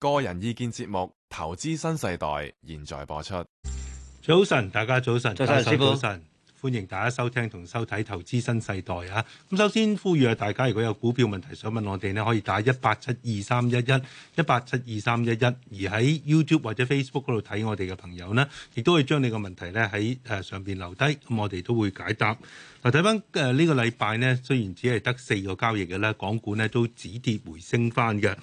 個人意見節目《投資新世代》現在播出。早晨，大家早晨，早晨早晨，歡迎大家收聽同收睇《投資新世代》啊！咁首先呼籲大家如果有股票問題想問我哋咧，可以打一八七二三一一一八七二三一一，而喺 YouTube 或者 Facebook 嗰度睇我哋嘅朋友呢，亦都可以將你嘅問題咧喺誒上邊留低，咁我哋都會解答。嗱，睇翻誒呢個禮拜咧，雖然只係得四個交易嘅啦，港股咧都止跌回升翻嘅。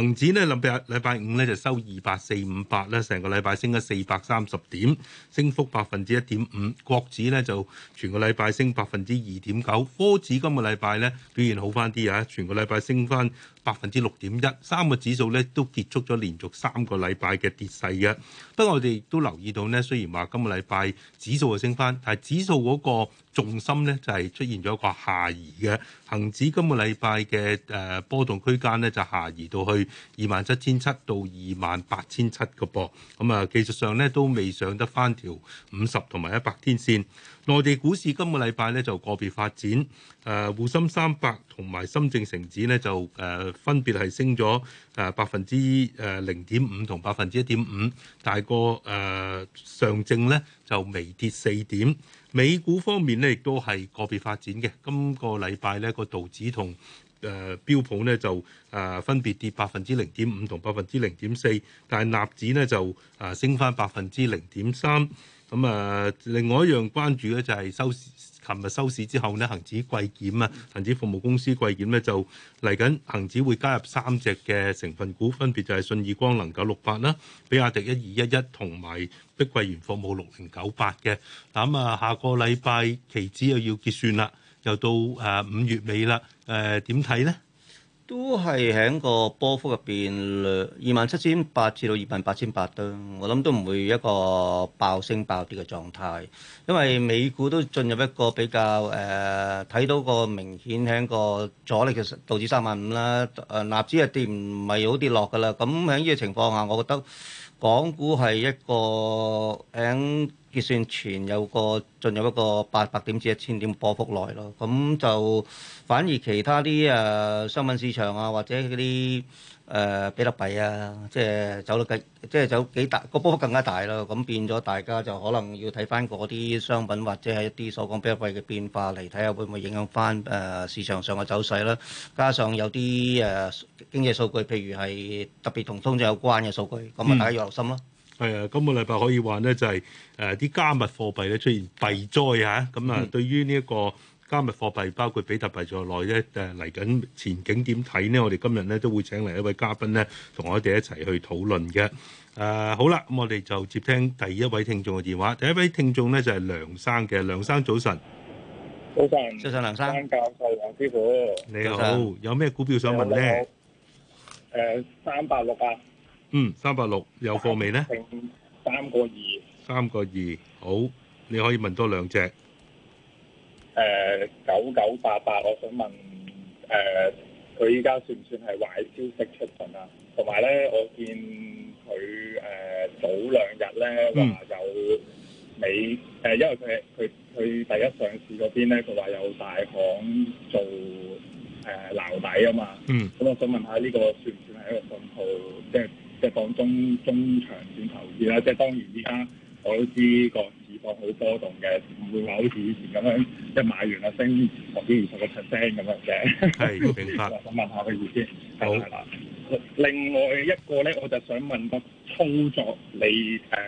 恒指咧，禮拜禮拜五咧就收二百四五百咧，成個禮拜升咗四百三十點，升幅百分之一點五。國指咧就全個禮拜升百分之二點九。科指今個禮拜咧表現好翻啲啊，全個禮拜升翻百分之六點一三個指數咧都結束咗連續三個禮拜嘅跌勢嘅。不過我哋都留意到咧，雖然話今個禮拜指數啊升翻，但係指數嗰個重心咧就係出現咗一個下移嘅。恒指今個禮拜嘅誒波動區間咧就下移到去二萬七千七到二萬八千七個噃。咁、嗯、啊，技術上咧都未上得翻條五十同埋一百天線。內地股市今個禮拜咧就個別發展，誒滬深三百同埋深證成指咧就誒分別係升咗誒百分之誒零點五同百分之一點五，但係個誒上證咧就微跌四點。美股方面咧亦都係個別發展嘅，今個禮拜咧個道指同誒標普咧就誒分別跌百分之零點五同百分之零點四，但係納指咧就誒升翻百分之零點三。咁啊、嗯，另外一樣關注咧就係收市，琴日收市之後咧，恆指季檢啊，恒指服務公司季檢咧就嚟緊，恒指會加入三隻嘅成分股，分別就係信義光能九六八啦，比亞迪一二一一同埋碧桂園服務六零九八嘅。咁、嗯、啊，下個禮拜期指又要結算啦，又到誒五月尾啦，誒點睇咧？都係喺個波幅入邊，兩二萬七千八至到二萬八千八都，我諗都唔會一個爆升爆跌嘅狀態，因為美股都進入一個比較誒，睇、呃、到個明顯喺個阻力嘅道指三萬五啦，誒納指一跌唔係好跌落㗎啦，咁喺呢個情況下，我覺得港股係一個喺。就算全有個進入一個八百點至一千點波幅內咯，咁就反而其他啲誒、呃、商品市場啊，或者嗰啲誒比特幣啊，即係走得更即係走幾大個波幅更加大咯。咁變咗大家就可能要睇翻嗰啲商品或者係一啲所講比特幣嘅變化，嚟睇下會唔會影響翻誒市場上嘅走勢啦。加上有啲誒、呃、經濟數據譬如係特別同通脹有關嘅數據，咁啊大家要留心咯。嗯係啊，今個禮拜可以話呢，就係誒啲加密貨幣咧出現幣災嚇，咁啊，啊、嗯、對於呢一個加密貨幣，包括比特幣在內咧，誒嚟緊前景點睇呢？我哋今日咧都會請嚟一位嘉賓咧，同我哋一齊去討論嘅。誒、啊、好啦，咁我哋就接聽第一位聽眾嘅電話。第一位聽眾咧就係、是、梁生嘅，梁生早晨，早晨，早晨上，早上梁生教授梁師傅，你好，有咩股票想問咧？誒三百六百。上嗯，三百六有貨未呢？三個二，三個二，好，你可以問多兩隻。誒、呃，九九八八，我想問，誒、呃，佢依家算唔算係壞消息出嚟啊？同埋咧，我見佢誒、呃、早兩日咧話有美誒，嗯、因為佢佢佢第一上市嗰邊咧，佢話有大行做誒、呃、撈底啊嘛。嗯，咁我想問下呢、這個算唔算係一個信號？即係。即係放中中長線投資啦，即係當然依家我都知個市況好波動嘅，唔會話好似以前咁樣一買完啊升十幾二十個 percent 咁樣嘅。係好，我想問下個意思。好，另外一個咧，我就想問個操作你、你、呃、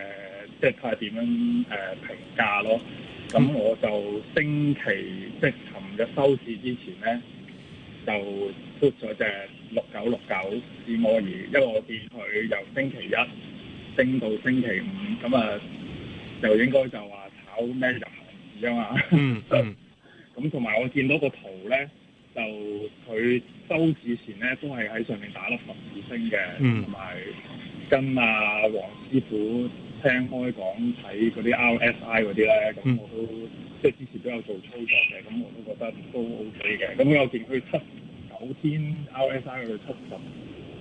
誒即係睇下點樣誒、呃、評價咯？咁我就星期即係尋日收市之前咧就。沽咗隻六九六九思摩爾，因為我見佢由星期一升到星期五，咁啊，就應該就話炒咩入行？點樣啊？嗯，咁同埋我見到個圖咧，就佢收市前咧都係喺上面打粒十字星嘅，同埋、嗯、跟啊黃師傅聽開講睇嗰啲 RSI 嗰啲咧，咁、SI、我都、嗯、即係之前都有做操作嘅，咁我都覺得都 O K 嘅。咁有見佢七。首先 RSI 佢出咁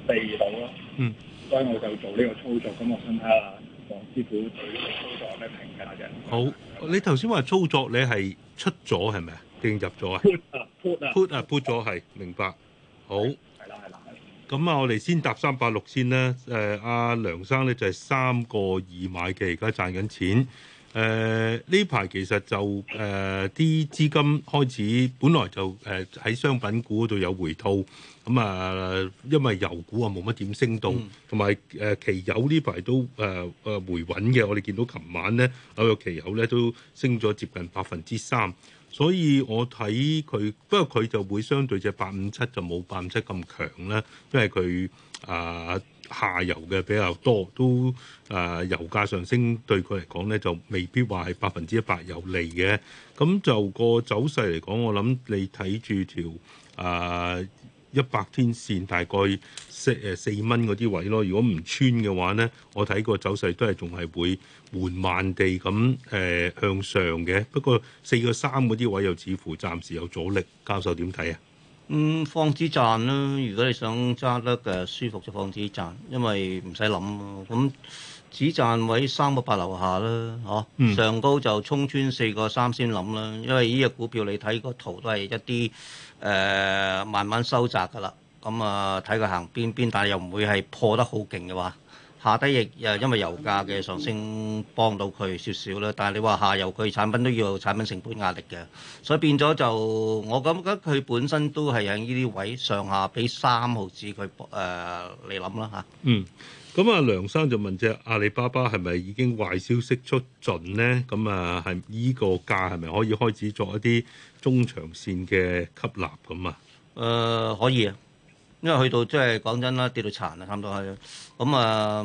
地度咯，嗯，所以我就做呢個操作，咁我想睇下黃師傅對呢個操作有咩評價啫。好，你頭先話操作你係出咗係咪啊？定入咗啊？put 啊、uh, put 啊、uh, put 咗係，明白。好。係啦係啦咁啊，我哋先搭三百六先啦。誒阿梁生咧就係三個二買嘅，而家賺緊錢。誒呢排其實就誒啲、呃、資金開始，本來就誒喺商品股度有回吐，咁、嗯、啊，因為油股啊冇乜點升到，同埋誒期油呢排都誒誒、呃啊、回穩嘅，我哋見到琴晚咧，紐、呃、約期油咧都升咗接近百分之三。所以我睇佢，不過佢就會相對隻八五七就冇八五七咁強啦，因為佢誒、呃、下游嘅比較多，都誒、呃、油價上升對佢嚟講咧就未必話係百分之一百有利嘅。咁就個走勢嚟講，我諗你睇住條誒。呃一百天線大概四誒四蚊嗰啲位咯，如果唔穿嘅話咧，我睇個走勢都係仲係會緩慢地咁誒、呃、向上嘅。不過四個三嗰啲位又似乎暫時有阻力。教授點睇啊？嗯，放止賺啦。如果你想揸得誒舒服就放止賺，因為唔使諗。咁止賺位三個八樓下啦、啊，嚇、啊。嗯、上高就衝穿四個三先諗啦。因為呢隻股票你睇個圖都係一啲。誒、呃、慢慢收窄㗎啦，咁啊睇佢行邊邊，但係又唔會係破得好勁嘅話，下低亦誒因為油價嘅上升幫到佢少少啦。但係你話下游佢產品都要產品成本壓力嘅，所以變咗就我感覺佢本身都係喺呢啲位上下俾三毫子佢誒你諗啦嚇。呃啊、嗯。咁啊、嗯，梁生就問隻阿里巴巴係咪已經壞消息出盡咧？咁、嗯、啊，係依個價係咪可以開始作一啲中長線嘅吸納咁啊？誒、呃，可以啊，因為去到即係講真啦，跌到殘啦，差唔多係。咁、嗯、啊，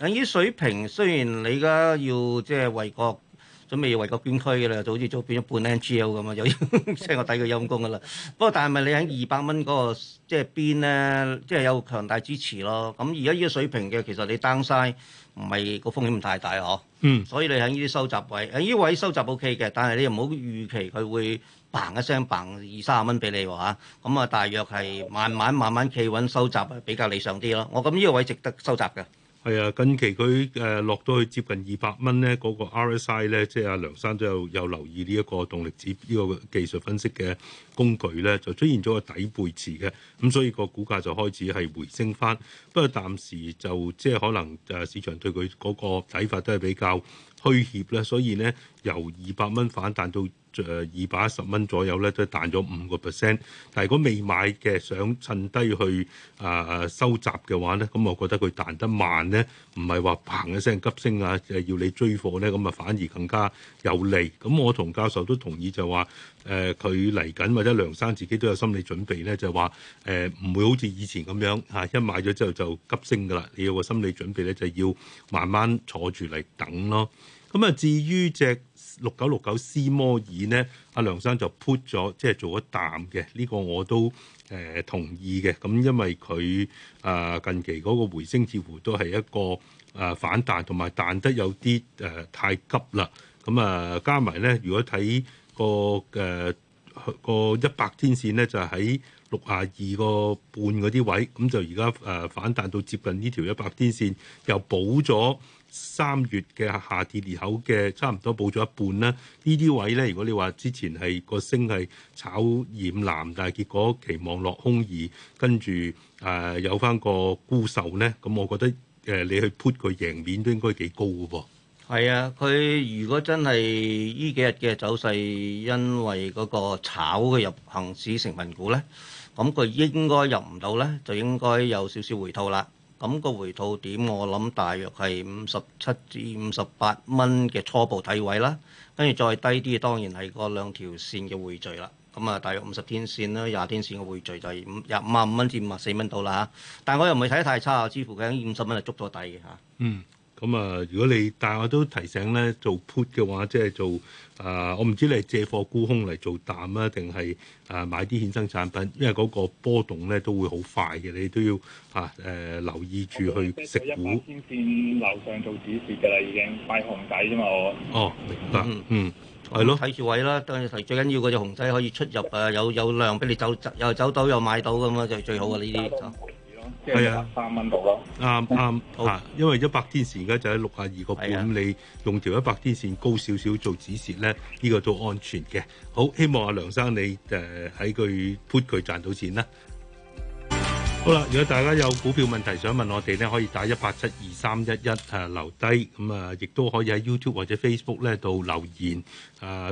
喺、嗯、呢水平，雖然你而家要即係、就是、為國。都未要為個捐軀嘅啦，就好似做變咗半 NGL 咁啊，又即係我抵佢陰功嘅啦。不過但係咪你喺二百蚊嗰個即係、就是、邊咧？即、就、係、是、有強大支持咯。咁而家呢個水平嘅，其實你 downside 唔係個風險唔太大嗬、啊嗯啊。嗯。所以你喺呢啲收集位喺呢位收集 OK 嘅，但係你又唔好預期佢會嘭一聲嘭二三十蚊俾你喎咁啊，大約係慢慢慢慢企穩收集比較理想啲咯。我諗呢個位值得收集嘅。係啊，近期佢誒落到去接近二百蚊咧，嗰個 RSI 咧，即係阿梁生都有有留意呢一個動力指呢、這個技術分析嘅工具咧，就出現咗個底背馳嘅，咁所以個股價就開始係回升翻。不過暫時就即係、就是、可能誒市場對佢嗰個睇法都係比較虛怯啦，所以咧由二百蚊反彈到。誒二百一十蚊左右咧，都彈咗五個 percent。但如果未買嘅，想趁低去啊、呃、收集嘅話咧，咁、嗯、我覺得佢彈得慢咧，唔係話砰一聲急升啊！要你追貨咧，咁啊，反而更加有利。咁我同教授都同意就話，誒佢嚟緊或者梁生自己都有心理準備咧，就話誒唔會好似以前咁樣嚇、啊、一買咗之後就急升噶啦。你要個心理準備咧，就要慢慢坐住嚟等咯。咁啊，至於只。六九六九思摩爾呢，阿梁生就 put 咗，即、就、係、是、做咗啖嘅，呢、這個我都誒、呃、同意嘅。咁因為佢啊、呃、近期嗰個回升似乎都係一個誒、呃、反彈，同埋彈得有啲誒、呃、太急啦。咁、呃、啊加埋呢，如果睇個誒、呃、個一百天線呢，就喺、是。六廿二個半嗰啲位，咁就而家誒反彈到接近呢條一百天線，又補咗三月嘅下跌裂口嘅差唔多，補咗一半啦。呢啲位咧，如果你話之前係個升係炒染藍，但係結果期望落空而跟住誒、呃、有翻個沽售咧，咁我覺得誒你去 put 佢贏面都應該幾高嘅噃。係啊，佢如果真係呢幾日嘅走勢，因為嗰個炒嘅入恆指成分股咧。咁佢應該入唔到呢，就應該有少少回吐啦。咁個回吐點，我諗大約係五十七至五十八蚊嘅初步底位啦。跟住再低啲，當然係嗰兩條線嘅匯聚啦。咁啊，大約五十天線啦，廿天線嘅匯聚就係五廿五啊五蚊至五十四蚊到啦嚇。但我又唔係睇得太差啊，似乎喺五十蚊就捉咗底嘅嚇。嗯。咁啊、嗯，如果你但係我都提醒咧，做 put 嘅話，即係做啊、呃，我唔知你係借貨沽空嚟做淡啊，定係啊買啲衍生產品，因為嗰個波動咧都會好快嘅，你都要啊誒、啊呃、留意住去食股。先萬天樓上做指示㗎啦，已經買熊仔啫嘛，我。哦，明白，嗯，係、嗯、咯。睇住位啦，最緊要嗰隻熊仔可以出入啊，有有，有量俾你走走，又走到又買到咁啊，就係、最好嘅呢啲。係啊，三蚊度咯。啱啱、嗯嗯、啊，因為一百天線而家就喺六啊二個半，你用條一百天線高少少做止蝕咧，呢、這個都安全嘅。好，希望阿梁生你誒喺佢 put 佢賺到錢啦。好啦，如果大家有股票問題想問我哋咧，可以打一八七二三一一誒留低，咁、嗯、啊亦都可以喺 YouTube 或者 Facebook 咧度留言啊，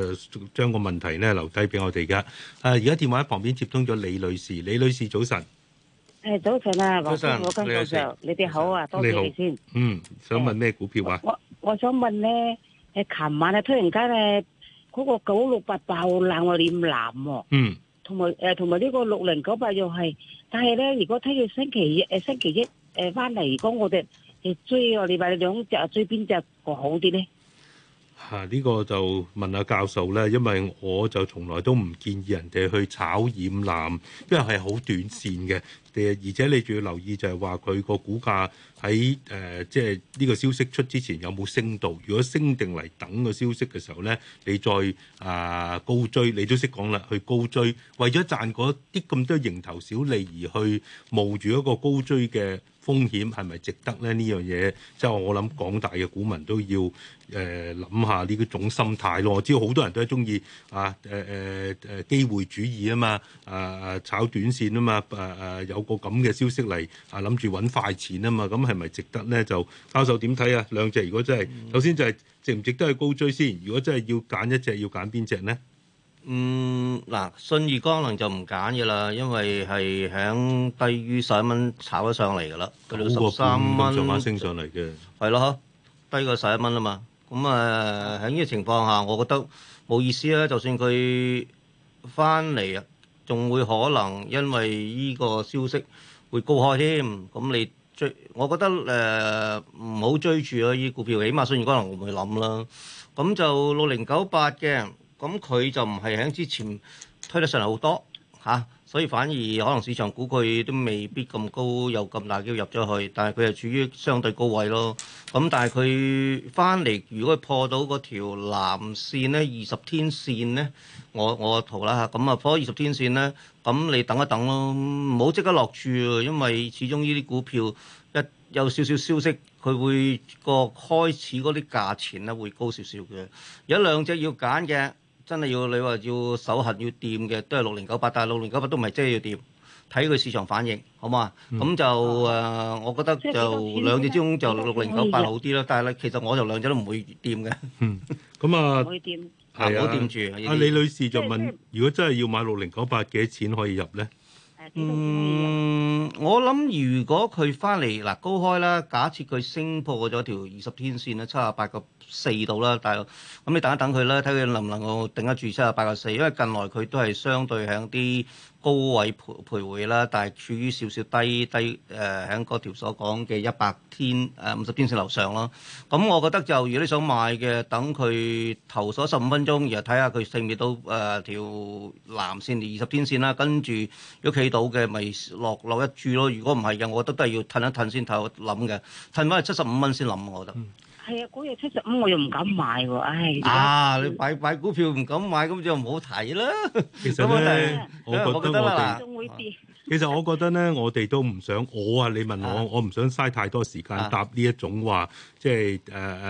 將個問題咧留低俾我哋噶。誒、啊，而家電話喺旁邊接通咗李女士，李女士早晨。誒，早晨啊，黃生，我跟教授，你哋好啊，多謝你先。嗯，想問咩股票啊？我我想問咧，誒，琴晚啊，突然間咧，嗰個九六八爆冷我染藍，嗯，同埋誒，同埋呢個六零九八又係，但係咧，如果睇住星期一誒，星期一誒翻嚟，如果我哋誒追我哋話，兩隻追邊隻個好啲咧？吓，呢個就問下教授啦，因為我就從來都唔建議人哋去炒染藍，因為係好短線嘅。誒，而且你仲要留意就係話佢個股價喺誒，即係呢個消息出之前有冇升到？如果升定嚟等個消息嘅時候咧，你再啊高追，你都識講啦，去高追，為咗賺嗰啲咁多蠅頭小利而去冒住一個高追嘅風險係咪值得咧？呢樣嘢即係我諗廣大嘅股民都要誒諗下呢啲種心態咯。我知道好多人都係鍾意啊誒誒誒機會主義啊嘛，啊啊炒短線啊嘛，啊啊，啊有個咁嘅消息嚟啊諗住揾快錢啊嘛。咁係咪值得咧？就教授點睇啊？兩隻如果真係，嗯、首先就係值唔值得去高追先？如果真係要揀一隻，要揀邊隻咧？嗯，嗱，信義光能就唔揀嘅啦，因為係喺低於十一蚊炒咗上嚟嘅啦，佢六十三蚊上升上嚟嘅啦，係咯，低過十一蚊啊嘛，咁啊喺呢個情況下，我覺得冇意思啦，就算佢翻嚟啊，仲會可能因為呢個消息會高開添，咁你追，我覺得誒唔好追住啊呢股票，起碼信義光能我唔會諗啦，咁就六零九八嘅。咁佢就唔係喺之前推得上嚟好多嚇、啊，所以反而可能市場估佢都未必咁高，又咁大叫入咗去，但係佢係處於相對高位咯。咁但係佢翻嚟，如果破到嗰條藍線咧，二十天線咧，我我個圖啦嚇，咁啊破二十天線咧，咁你等一等咯，唔好即刻落注，因為始終呢啲股票一有少少消息，佢會個開始嗰啲價錢咧會高少少嘅。有兩隻要揀嘅。真係要你話要手痕要掂嘅，都係六零九八。但係六零九八都唔係真係要掂，睇佢市場反應，好嘛？咁、嗯、就誒、嗯呃，我覺得就兩隻之中就六零九八好啲咯。嗯、但係咧，其實我就兩隻都唔會掂嘅。嗯，咁啊，唔會掂住。啊。阿李女士就問：啊、如果真係要買六零九八，幾多錢可以入咧？嗯，我諗如果佢翻嚟嗱高開啦，假設佢升破咗條二十天線咧，七啊八個。四度啦，但係咁你等一等佢啦，睇佢能唔能夠頂得住七啊八啊四，因為近來佢都係相對響啲高位徘徊啦，但係處於少少低低誒，響、呃、嗰條所講嘅一百天誒，五、呃、十天線樓上咯。咁、嗯、我覺得就如果你想買嘅，等佢投咗十五分鐘，然後睇下佢勝唔勝到誒條、呃、藍線二十天線啦、啊，跟住如果企到嘅咪落落一注咯。如果唔係嘅，我覺得都係要褪一褪先睇諗嘅，褪翻去七十五蚊先諗，我覺得。嗯係啊，嗰日七十五，那個、我又唔敢買喎。唉、哎，啊，你買買股票唔敢買，咁就唔好睇啦。 其實咧， 我覺得我哋，仲會跌。其實我覺得咧，我哋都唔想我啊。你問我，啊、我唔想嘥太多時間答呢一種話，即係誒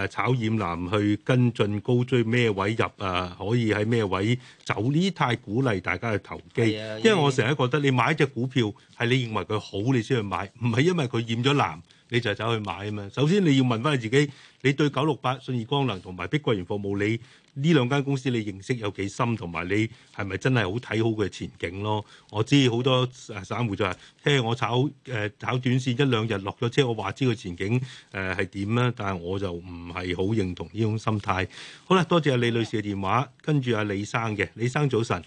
誒炒染藍去跟進高追咩位入啊？可以喺咩位走？呢太鼓勵大家去投機，啊、因為我成日覺得你買隻股票係你認為佢好，你先去買，唔係因為佢染咗藍。你就走去買啊嘛！首先你要問翻你自己，你對九六八、信義光能同埋碧桂園服務，你呢兩間公司你認識有幾深，同埋你係咪真係好睇好佢前景咯？我知好多散戶就係，聽我炒誒炒短線一兩日落咗車，我話知佢前景誒係點啦！但係我就唔係好認同呢種心態。好啦，多謝李女士嘅電話，跟住阿李生嘅，李生早晨，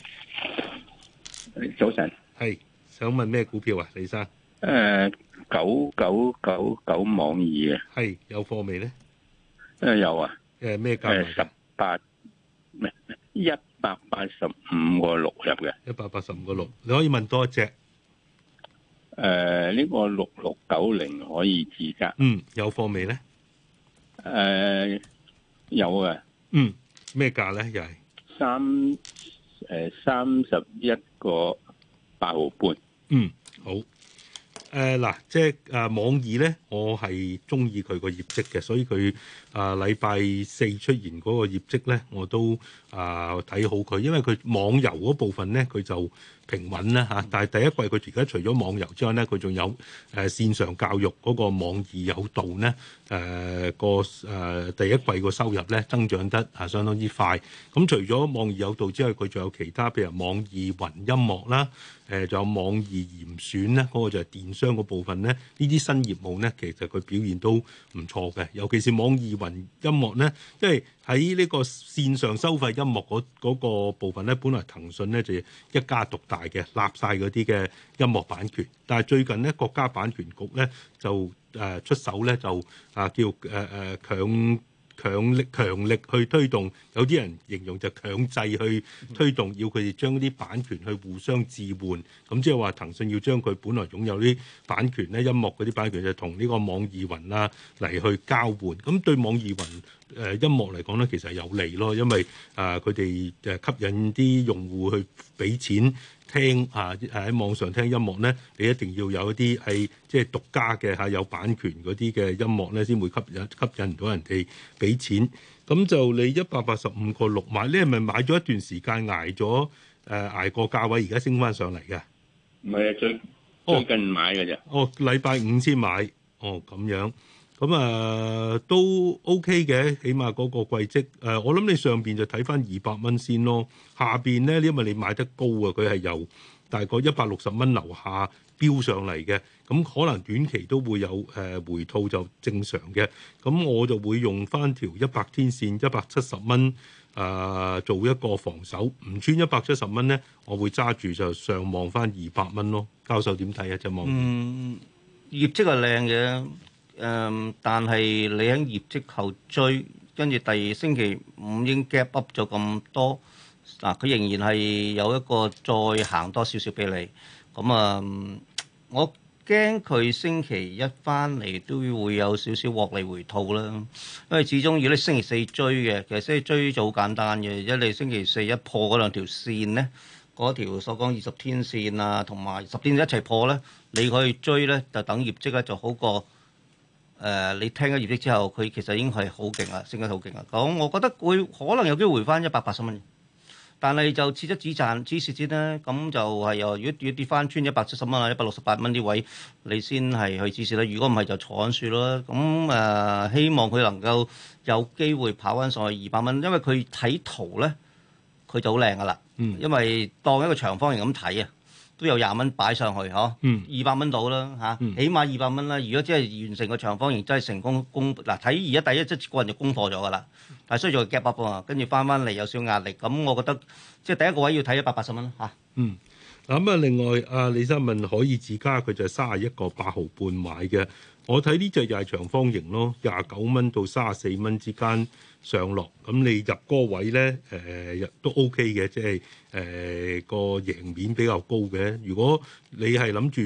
早晨，係想問咩股票啊？李生，誒。Uh, 九九九九網易嘅係有貨未咧？誒有啊！誒咩價？十八一百八十五個六入嘅一百八十五個六，6，你可以問多一隻。誒呢、呃這個六六九零可以自格嗯有貨未咧？誒、呃、有啊！嗯咩價咧又係三誒三十一個八毫半嗯好。誒嗱、呃，即係誒、啊、網易咧，我係中意佢個業績嘅，所以佢誒禮拜四出現嗰個業績咧，我都誒睇、呃、好佢，因為佢網遊嗰部分咧，佢就。平穩啦嚇，但係第一季佢而家除咗網遊之外咧，佢仲有誒、呃、線上教育嗰個網易有道咧，誒個誒第一季個收入咧，增長得啊相當之快。咁、嗯、除咗網易有道之外，佢仲有其他，譬如網易雲音樂啦，誒、呃、仲有網易嚴選啦，嗰、那個就係電商個部分咧，呢啲新業務咧，其實佢表現都唔錯嘅。尤其是網易雲音樂咧，因為喺呢個線上收費音樂嗰、那個那個部分咧，本來騰訊咧就是，一家獨大。大嘅立晒嗰啲嘅音樂版權，但係最近咧國家版權局咧就誒、呃、出手咧就啊叫誒誒強強力強力去推動。有啲人形容就強制去推動，要佢哋將啲版權去互相置換。咁即係話騰訊要將佢本來擁有啲版權咧音樂嗰啲版權就同呢個網易雲啦嚟去交換。咁對網易雲誒、呃、音樂嚟講咧，其實係有利咯，因為誒佢哋誒吸引啲用戶去俾錢。聽啊，喺網上聽音樂咧，你一定要有一啲係即係獨家嘅嚇，有版權嗰啲嘅音樂咧，先會吸引吸引唔到人哋俾錢。咁就你一百八十五個六買，你係咪買咗一段時間捱咗誒捱過價位，而家升翻上嚟嘅？唔係啊，最最近買嘅啫、哦。哦，禮拜五先買，哦咁樣。咁啊，都 OK 嘅，起碼嗰個季績、呃。我諗你上邊就睇翻二百蚊先咯，下邊咧，因為你買得高啊，佢係由大概一百六十蚊樓下飆上嚟嘅，咁、嗯、可能短期都會有誒、呃、回吐就正常嘅。咁、嗯、我就會用翻條一百天線一百七十蚊誒，做一個防守，唔穿一百七十蚊咧，我會揸住就上望翻二百蚊咯。教授點睇啊？隻網？嗯，業績係靚嘅。誒，um, 但係你喺業績後追，跟住第二星期五已經 gap up 咗咁多，嗱、啊，佢仍然係有一個再行多少少俾你。咁、嗯、啊，我驚佢星期一翻嚟都會有少少獲利回吐啦。因為始終要你星期四追嘅，其實星期追就好簡單嘅，一你星期四一破嗰兩條線咧，嗰條所講二十天線啊，同埋十天線一齊破咧，你可以追咧，就等業績咧就好過。誒、呃，你聽咗業績之後，佢其實已經係好勁啦，升得好勁啦。咁我覺得會可能有機會回翻一百八十蚊，但係就設咗止賺、止蝕先啦。咁就係又如果跌翻穿一百七十蚊啊、一百六十八蚊啲位，你先係去止蝕啦。如果唔係就坐安船啦。咁誒、呃，希望佢能夠有機會跑翻上去二百蚊，因為佢睇圖咧，佢就好靚噶啦。因為當一個長方形咁睇嘅。都有廿蚊擺上去嗬，二百蚊到啦嚇，啊嗯、起碼二百蚊啦。如果即係完成個長方形，真係成功攻嗱，睇而家第一即係個人就攻破咗㗎啦。但係需要做 gap up 喎，跟住翻翻嚟有少壓力。咁我覺得即係第一個位要睇一百八十蚊啦嚇。啊、嗯，咁啊，另外啊，李生問可以自加佢就係卅一個八毫半買嘅。我睇呢隻就係長方形咯，廿九蚊到三十四蚊之間上落，咁你入嗰位咧，誒、呃、都 OK 嘅，即係誒個贏面比較高嘅。如果你係諗住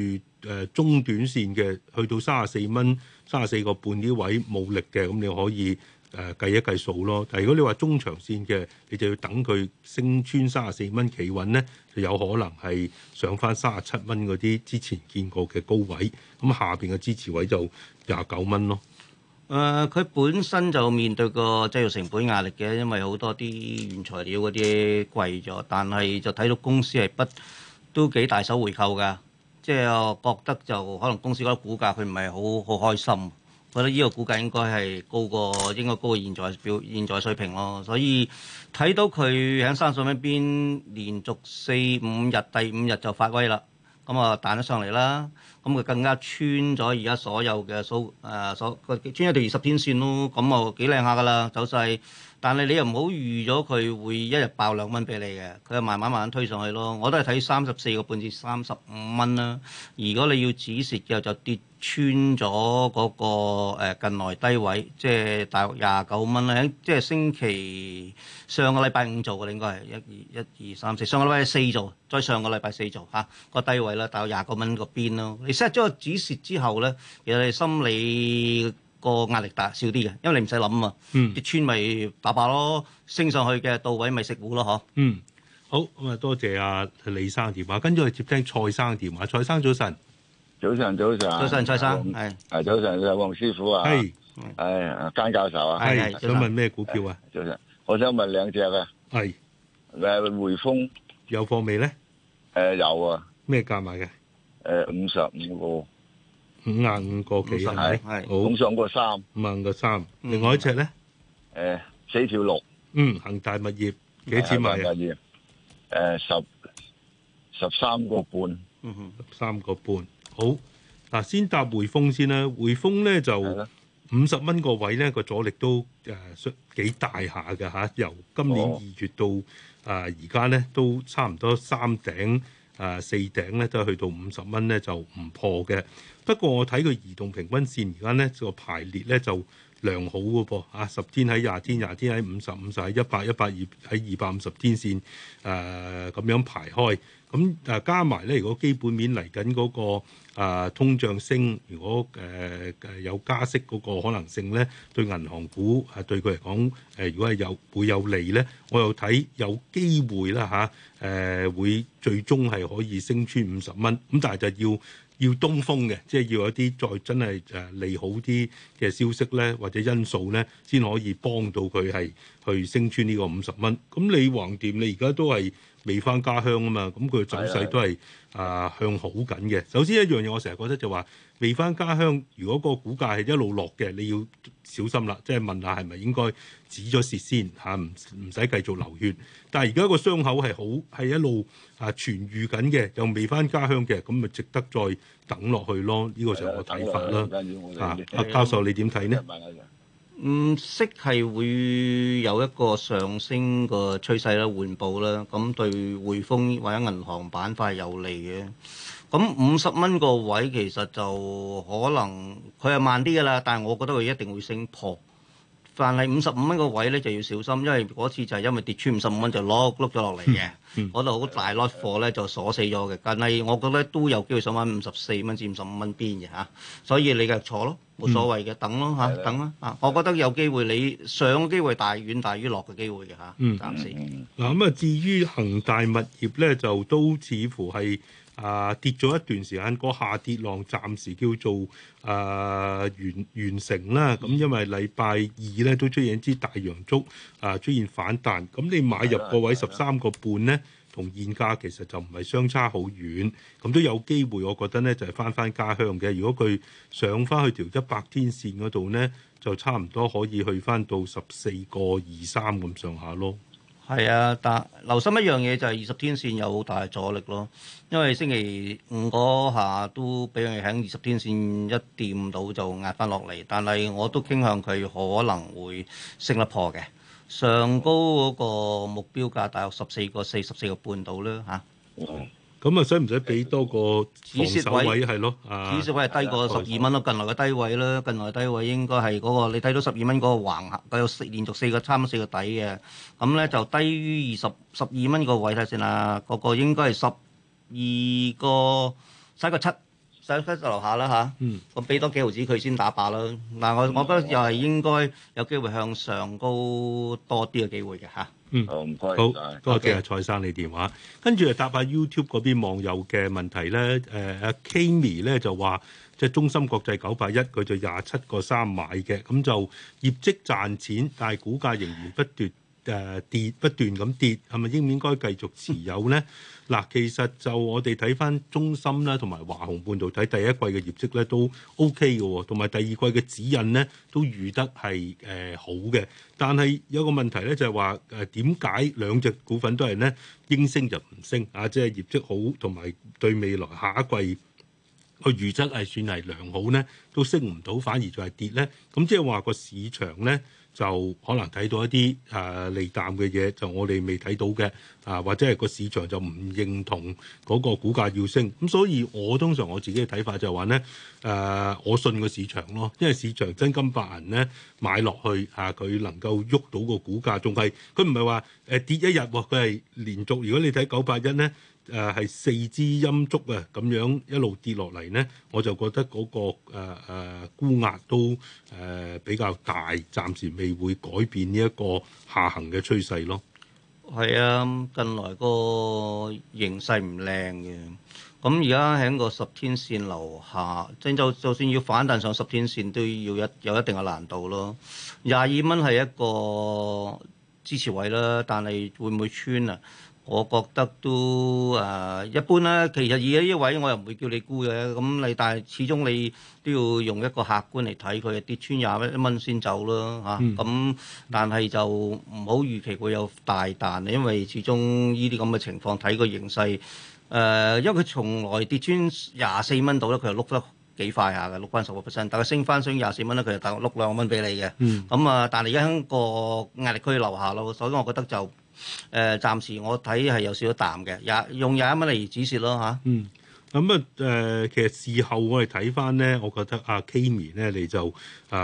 誒中短線嘅，去到三十四蚊、三十四個半呢位冇力嘅，咁你可以。誒計一計數咯，但係如果你話中長線嘅，你就要等佢升穿三十四蚊企穩咧，就有可能係上返三十七蚊嗰啲之前見過嘅高位，咁下邊嘅支持位就廿九蚊咯。誒、呃，佢本身就面對個製造成本壓力嘅，因為好多啲原材料嗰啲貴咗，但係就睇到公司係不都幾大手回購㗎，即係覺得就可能公司嗰啲股價佢唔係好好開心。我覺得呢個估計應該係高過，應該高過現在表現在水平咯，所以睇到佢喺山上一邊連續四五日，第五日就發威啦，咁啊彈咗上嚟啦，咁佢更加穿咗而家所有嘅數，誒所穿一條二十天線咯，咁啊幾靚下噶啦走勢。但係你又唔好預咗佢會一日爆兩蚊俾你嘅，佢係慢慢慢慢推上去咯。我都係睇三十四個半至三十五蚊啦。如果你要止蝕嘅，就跌穿咗嗰、嗰個、呃、近來低位，即係大約廿九蚊啦。即係星期上個禮拜五做嘅應該係一二一二三四，1, 2, 1, 2, 3, 4, 上個禮拜四做，再上個禮拜四做嚇個、啊、低位啦，大約廿九蚊個邊咯。你 set 咗個止蝕之後咧，其實你心理。個壓力大少啲嘅，因為你唔使諗啊嘛。啲村咪打爆咯，升上去嘅到位咪食糊咯嗬。嗯，好咁啊，多謝阿李生電話，跟住我接聽蔡生電話。蔡生早晨。早晨早晨，早晨蔡生，係啊，早晨啊，黃師傅啊，係，係啊，間教授啊，係，想問咩股票啊？早晨，我想問兩隻嘅，係誒匯豐有貨未咧？誒有啊，咩價買嘅？誒五十五個。五萬五個幾係，係咁上個三，五萬五個三。另外一隻咧，誒四條六，嗯恒大物業幾錢賣啊？恒大物業誒十十三個半，十三個半。好嗱，先搭匯豐先啦，匯豐咧就五十蚊個位咧個阻力都誒幾大下㗎吓，由今年二月到啊而家咧都差唔多三頂。誒、啊、四頂咧都係去到五十蚊咧就唔破嘅，不過我睇佢移動平均線而家咧個排列咧就良好嘅噃，啊十天喺廿天，廿天喺五十五十喺一百一百二喺二百五十天線誒咁、啊、樣排開。咁誒加埋咧，如果基本面嚟緊嗰個、啊、通脹升，如果誒誒、呃、有加息嗰個可能性咧，對銀行股啊對佢嚟講誒，如果係有會有利咧，我又睇有機會啦嚇誒，會最終係可以升穿五十蚊。咁但係就要。要東風嘅，即係要一啲再真係誒利好啲嘅消息咧，或者因素咧，先可以幫到佢係去升穿呢個五十蚊。咁你橫掂，你而家都係未翻家鄉啊嘛，咁佢走勢都係的啊向好緊嘅。首先一樣嘢，我成日覺得就話未翻家鄉，如果個股價係一路落嘅，你要小心啦，即係問下係咪應該止咗血先吓，唔唔使繼續流血。但係而家個傷口係好係一路啊痊癒緊嘅，又未翻家鄉嘅，咁咪值得再等落去咯。呢、這個就係我睇法啦。啊，阿教授你點睇呢？嗯、息係會有一個上升個趨勢啦，緩步啦。咁對匯豐或者銀行板塊有利嘅。咁五十蚊個位其實就可能佢係慢啲噶啦，但係我覺得佢一定會升破。但係五十五蚊個位咧就要小心，因為嗰次就係因為跌穿五十五蚊就碌碌咗落嚟嘅，嗰度好大碌貨咧就鎖死咗嘅。但係我覺得都有機會上返五十四蚊至五十五蚊邊嘅嚇，所以你就坐咯，冇所謂嘅，等咯嚇，等啦啊！我覺得有機會，你上嘅機會大遠大於落嘅機會嘅嚇，嗯、暫時嗱咁啊。至於恒大物業咧，就都似乎係。啊，跌咗一段時間，個下跌浪暫時叫做啊完完成啦。咁因為禮拜二咧都出現一支大陽燭，啊出現反彈。咁你買入個位十三個半咧，同現價其實就唔係相差好遠。咁都有機會，我覺得咧就係返返家鄉嘅。如果佢上返去條一百天線嗰度咧，就差唔多可以去返到十四個二三咁上下咯。係啊，但留心一樣嘢就係二十天線有好大阻力咯，因為星期五嗰下都俾人喺二十天線一掂到就壓翻落嚟，但係我都傾向佢可能會升得破嘅，上高嗰個目標價大約十四個、四十四個半到啦嚇。咁啊，使唔使俾多個防守位係咯？止蝕、啊、位係低過十二蚊咯，近來嘅低位啦，近來低位應該係嗰、那個你睇到十二蚊嗰個橫下，佢有四連續四個差唔多四個底嘅，咁咧就低於二十十二蚊個位睇先啦。個個應該係十二個，使個七，使個七就留下啦吓，嗯，我俾多幾毫子佢先打靶啦。嗱，我我覺得又係應該有機會向上高多啲嘅機會嘅吓。嗯，好唔該，多謝，謝蔡生你電話。Okay. 跟住又答下 YouTube 嗰邊網友嘅問題咧。誒、呃，阿 Kimi 咧就話，即、就、係、是、中芯國際九八一，佢就廿七個三買嘅，咁就業績賺錢，但係股價仍然不跌。誒、啊、跌不斷咁跌，係咪應唔應該繼續持有呢？嗱、嗯，其實就我哋睇翻中芯啦，同埋華虹半導體第一季嘅業績咧都 O K 嘅，同埋第二季嘅指引咧都預得係誒好嘅。但係有個問題咧，就係話誒點解兩隻股份都係咧應升，升就唔升啊？即係業績好同埋對未來下一季個預測係算係良好咧，都升唔到反而再呢就係跌咧。咁即係話個市場咧？就可能睇到一啲誒利淡嘅嘢，就我哋未睇到嘅啊，或者係個市場就唔認同嗰個股價要升，咁所以我通常我自己嘅睇法就係話咧誒，我信個市場咯，因為市場真金白銀咧買落去啊，佢能夠喐到個股價仲係，佢唔係話誒跌一日，佢係連續，如果你睇九八一咧。誒係四支陰燭啊，咁樣一路跌落嚟咧，我就覺得嗰、那個誒誒、呃呃、沽壓都誒、呃、比較大，暫時未會改變呢一個下行嘅趨勢咯。係啊，近來個形勢唔靚嘅，咁而家喺個十天線樓下，即係就就算要反彈上十天線都要有有一定嘅難度咯。廿二蚊係一個支持位啦，但係會唔會穿啊？我覺得都誒、呃、一般啦，其實而家呢位我又唔會叫你沽嘅，咁你但係始終你都要用一個客觀嚟睇佢跌穿廿一蚊先走咯嚇，咁、啊嗯嗯嗯、但係就唔好預期會有大彈，因為始終呢啲咁嘅情況睇個形勢誒、呃，因為佢從來跌穿廿四蚊度咧，佢又碌得幾快下嘅，碌翻十個 percent，但係升翻升廿四蚊咧，佢就打碌兩個蚊俾你嘅，咁啊，但係而家響個壓力區留下咯，所以我覺得就。誒，暫、呃、時我睇係有少少淡嘅，廿用廿一蚊嚟止蝕咯吓、嗯，嗯，咁啊誒，其實事後我哋睇翻咧，我覺得阿、啊、Kimi 咧，你就誒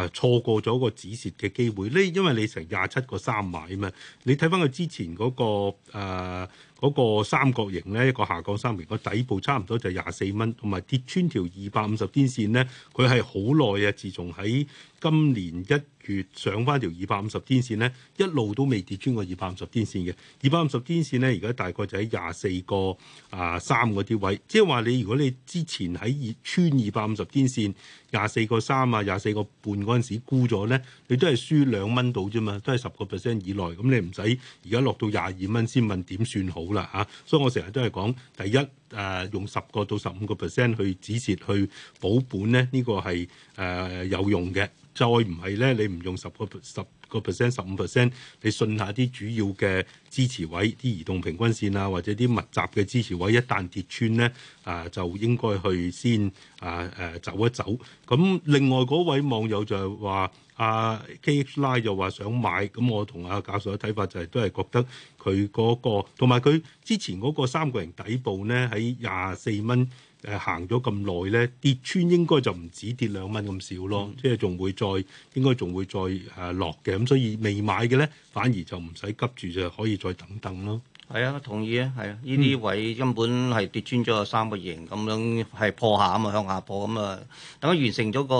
錯、呃、過咗個止蝕嘅機會。呢因為你成廿七個三買嘛，你睇翻佢之前嗰、那個誒、呃那個、三角形咧，一個下降三角形，個底部差唔多就廿四蚊，同埋跌穿條二百五十天線咧，佢係好耐啊，自從喺。今年一月上翻條二百五十天線咧，一路都未跌穿過二百五十天線嘅。二百五十天線咧，而家大概就喺廿四個啊三嗰啲位，即係話你如果你之前喺穿二百五十天線廿四個三啊廿四個半嗰陣時沽咗咧，你都係輸兩蚊到啫嘛，都係十個 percent 以內，咁你唔使而家落到廿二蚊先問點算好啦嚇。所以我成日都係講第一。誒、啊、用十個到十五個 percent 去止蝕、去保本咧，呢、這個係誒、啊、有用嘅。再唔係咧，你唔用十個十個 percent、十五 percent，你信下啲主要嘅支持位、啲移動平均線啊，或者啲密集嘅支持位，一旦跌穿咧，啊，就應該去先啊誒、啊、走一走。咁另外嗰位網友就係話。阿 K X Line 就話想買，咁我同阿教授嘅睇法就係都係覺得佢嗰個、同埋佢之前嗰個三角形底部咧，喺廿四蚊誒，行咗咁耐咧，跌穿，應該就唔止跌兩蚊咁少咯，即係仲會再應該仲會再誒，落嘅，咁所以未買嘅咧，反而就唔使急住，就可以再等等咯。係啊，同意啊，係啊！呢啲位根本係跌穿咗三個形咁，嗯、樣，係破下咁啊，向下破咁啊，等佢完成咗個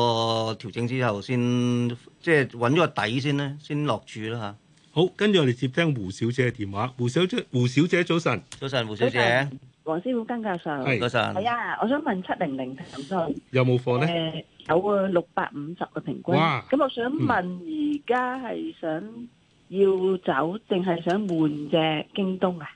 調整之後，先即係揾咗個底先啦，先落注啦吓，好，跟住我哋接聽胡小姐嘅電話。胡小姐，胡小姐早晨，早晨胡小姐，黃師傅金價上，是早晨，係啊，我想問七零零騰訊有冇貨咧？有個六百五十嘅平均，咁哇我想問而家係想。嗯要走定係想換隻京東啊？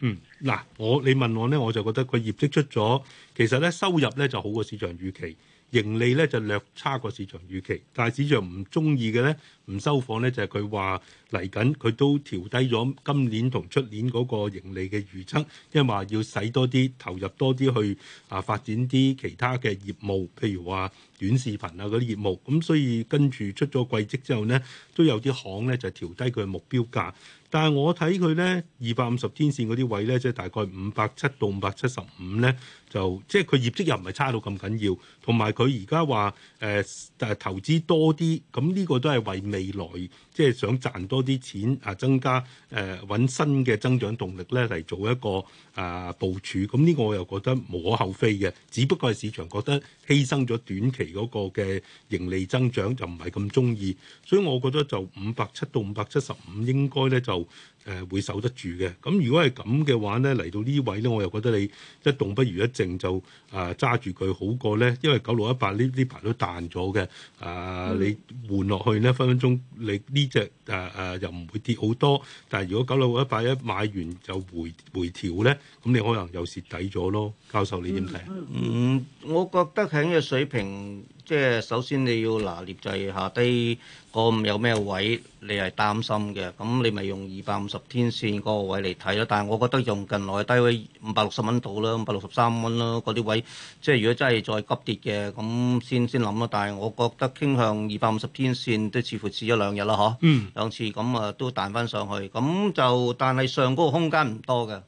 嗯，嗱，我你問我咧，我就覺得佢業績出咗，其實咧收入咧就好過市場預期。盈利咧就略差過市場預期，但係市場唔中意嘅咧，唔收貨咧就係佢話嚟緊佢都調低咗今年同出年嗰個盈利嘅預測，因為話要使多啲投入多啲去啊發展啲其他嘅業務，譬如話短視頻啊嗰啲業務，咁所以跟住出咗季績之後呢，都有啲行咧就調低佢嘅目標價。但係我睇佢咧二百五十天線嗰啲位咧，即係大概五百七到五百七十五咧。就即係佢業績又唔係差到咁緊要，同埋佢而家話誒誒投資多啲，咁呢個都係為未來即係、就是、想賺多啲錢啊、呃，增加誒搵、呃、新嘅增長動力咧嚟做一個啊、呃、部署。咁呢個我又覺得無可厚非嘅，只不過係市場覺得犧牲咗短期嗰個嘅盈利增長就唔係咁中意，所以我覺得就五百七到五百七十五應該咧就。誒會守得住嘅，咁，如果係咁嘅話咧，嚟到位呢位咧，我又覺得你一動不如一靜，就啊揸住佢好過咧，因為九六一八呢呢排都彈咗嘅啊，你換落去咧分分鐘你呢隻啊啊又唔會跌好多，但係如果九六一八一買完就回回調咧，咁你可能又蝕底咗咯。教授，你點睇啊？嗯，我覺得喺呢個水平。即係首先你要拿捏就係下低個有咩位你係擔心嘅，咁你咪用二百五十天線嗰個位嚟睇囉。但係我覺得用近來低位五百六十蚊度啦，五百六十三蚊啦嗰啲位，即係如果真係再急跌嘅，咁先先諗囉。但係我覺得傾向二百五十天線都似乎試一兩日啦，嗬、嗯，兩次咁啊都彈翻上去，咁就但係上高空間唔多嘅。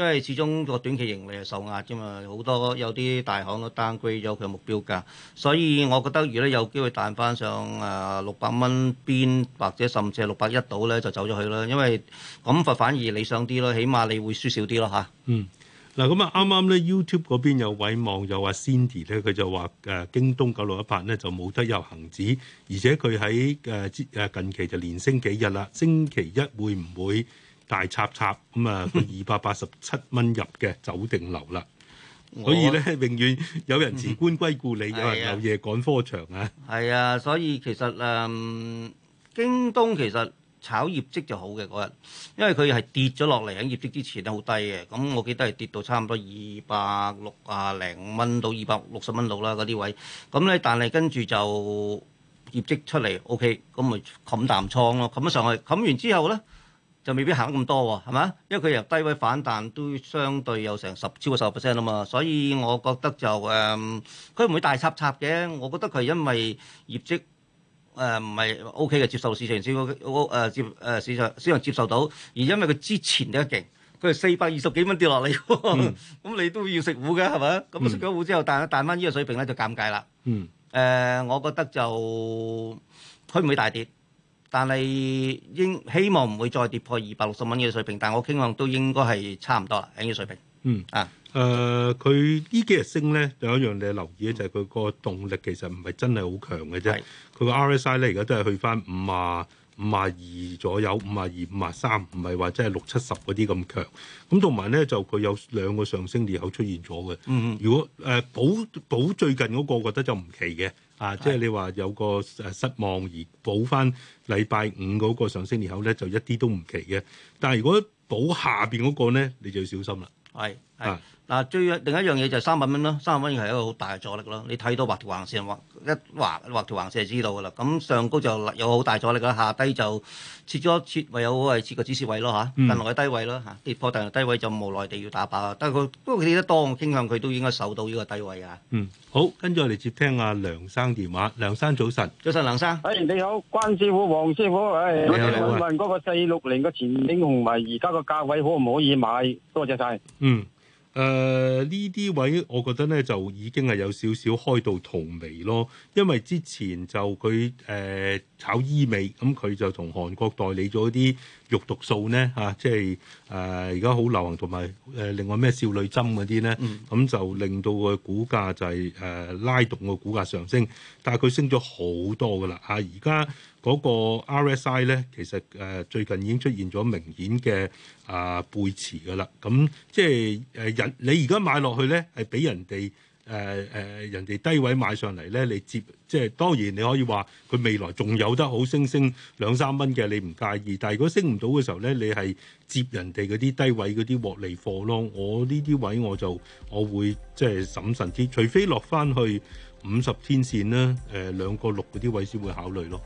因為始終個短期盈利係受壓啫嘛，好多有啲大行都 downgrade 咗佢目標價，所以我覺得如果有機會彈翻上誒六百蚊邊或者甚至係六百一度咧，就走咗去啦，因為咁反反而理想啲咯，起碼你會輸少啲咯吓，嗯，嗱咁啊，啱啱咧 YouTube 嗰邊有位網友話 Cindy 咧，佢就話誒、呃、京東九六一八咧就冇得入恆指，而且佢喺誒接近期就連升幾日啦，星期一會唔會？大插插咁啊，二百八十七蚊入嘅，走定留啦。 所以咧，我永遠有人辭官歸故里，嗯、有人有嘢趕科場啊。係啊，所以其實誒、嗯，京東其實炒業績就好嘅嗰日，因為佢係跌咗落嚟喺業績之前咧好低嘅。咁我記得係跌到差唔多二百六啊零蚊到二百六十蚊度啦嗰啲位。咁咧，但係跟住就業績出嚟，OK，咁咪冚啖倉咯，冚咗上去，冚完之後咧，就未必行咁多喎，係嘛？因為佢由低位反彈都相對有成十超過十個 percent 啊嘛，所以我覺得就誒，佢、呃、唔會大插插嘅。我覺得佢係因為業績誒唔係 OK 嘅，接受市場少少、呃、接誒、呃、市場少少接受到，而因為佢之前都勁，佢係四百二十幾蚊跌落嚟，咁、嗯、 你都要食糊嘅係咪？咁食咗糊之後彈一彈返呢個水平咧就尷尬啦。誒、嗯呃，我覺得就佢唔會大跌。但係應希望唔會再跌破二百六十蚊嘅水平，但我傾向都應該係差唔多啦喺呢個水平。嗯啊，誒佢、嗯呃、呢幾日升咧，有一樣你留意咧，嗯、就係佢個動力其實唔係真係好強嘅啫。佢個 RSI 咧而家都係去翻五啊。五啊二左右，五啊二五啊三，唔係話即係六七十嗰啲咁強。咁同埋咧就佢有兩個上升裂口出現咗嘅。如果誒、呃、補補最近嗰個，我覺得就唔奇嘅。啊，即係你話有個失望而補翻禮拜五嗰個上升裂口咧，就一啲都唔奇嘅。但係如果補下邊嗰個咧，你就要小心啦。係，係。啊嗱，最另一樣嘢就係三百蚊咯，三百蚊係一個好大嘅阻力咯。你睇到畫條橫線，畫一畫畫條橫線就知道噶啦。咁上高就有好大阻力啦，下低就切咗設位有位設個止蝕位咯嚇，近落去低位咯嚇，跌破低位就無奈地要打靶。但係佢不過佢跌得多，我傾向佢都應該守到呢個低位啊。嗯，好，跟住我哋接聽阿梁生電話。梁生早晨，早晨梁生。你好，關師傅、黃師傅，誒你好。問嗰個四六零嘅前景同埋而家個價位可唔可以買？多謝晒。嗯。誒呢啲位我覺得咧就已經係有少少開到荼蘼咯，因為之前就佢誒、呃、炒醫美，咁、嗯、佢就同韓國代理咗啲。肉毒素咧嚇、啊，即係誒而家好流行，同埋誒另外咩少女針嗰啲咧，咁、嗯、就令到個股價就係、是、誒、呃、拉動個股價上升。但係佢升咗好多噶啦，啊而家嗰個 RSI 咧，其實誒、呃、最近已經出現咗明顯嘅啊、呃、背馳噶啦，咁即係誒人你而家買落去咧，係俾人哋。誒誒、呃呃，人哋低位買上嚟咧，你接，即係當然你可以話佢未來仲有得好升升兩三蚊嘅，你唔介意。但係如果升唔到嘅時候咧，你係接人哋嗰啲低位嗰啲獲利貨咯。我呢啲位我就我會即係審慎啲，除非落翻去五十天線啦，誒兩個六嗰啲位先會考慮咯。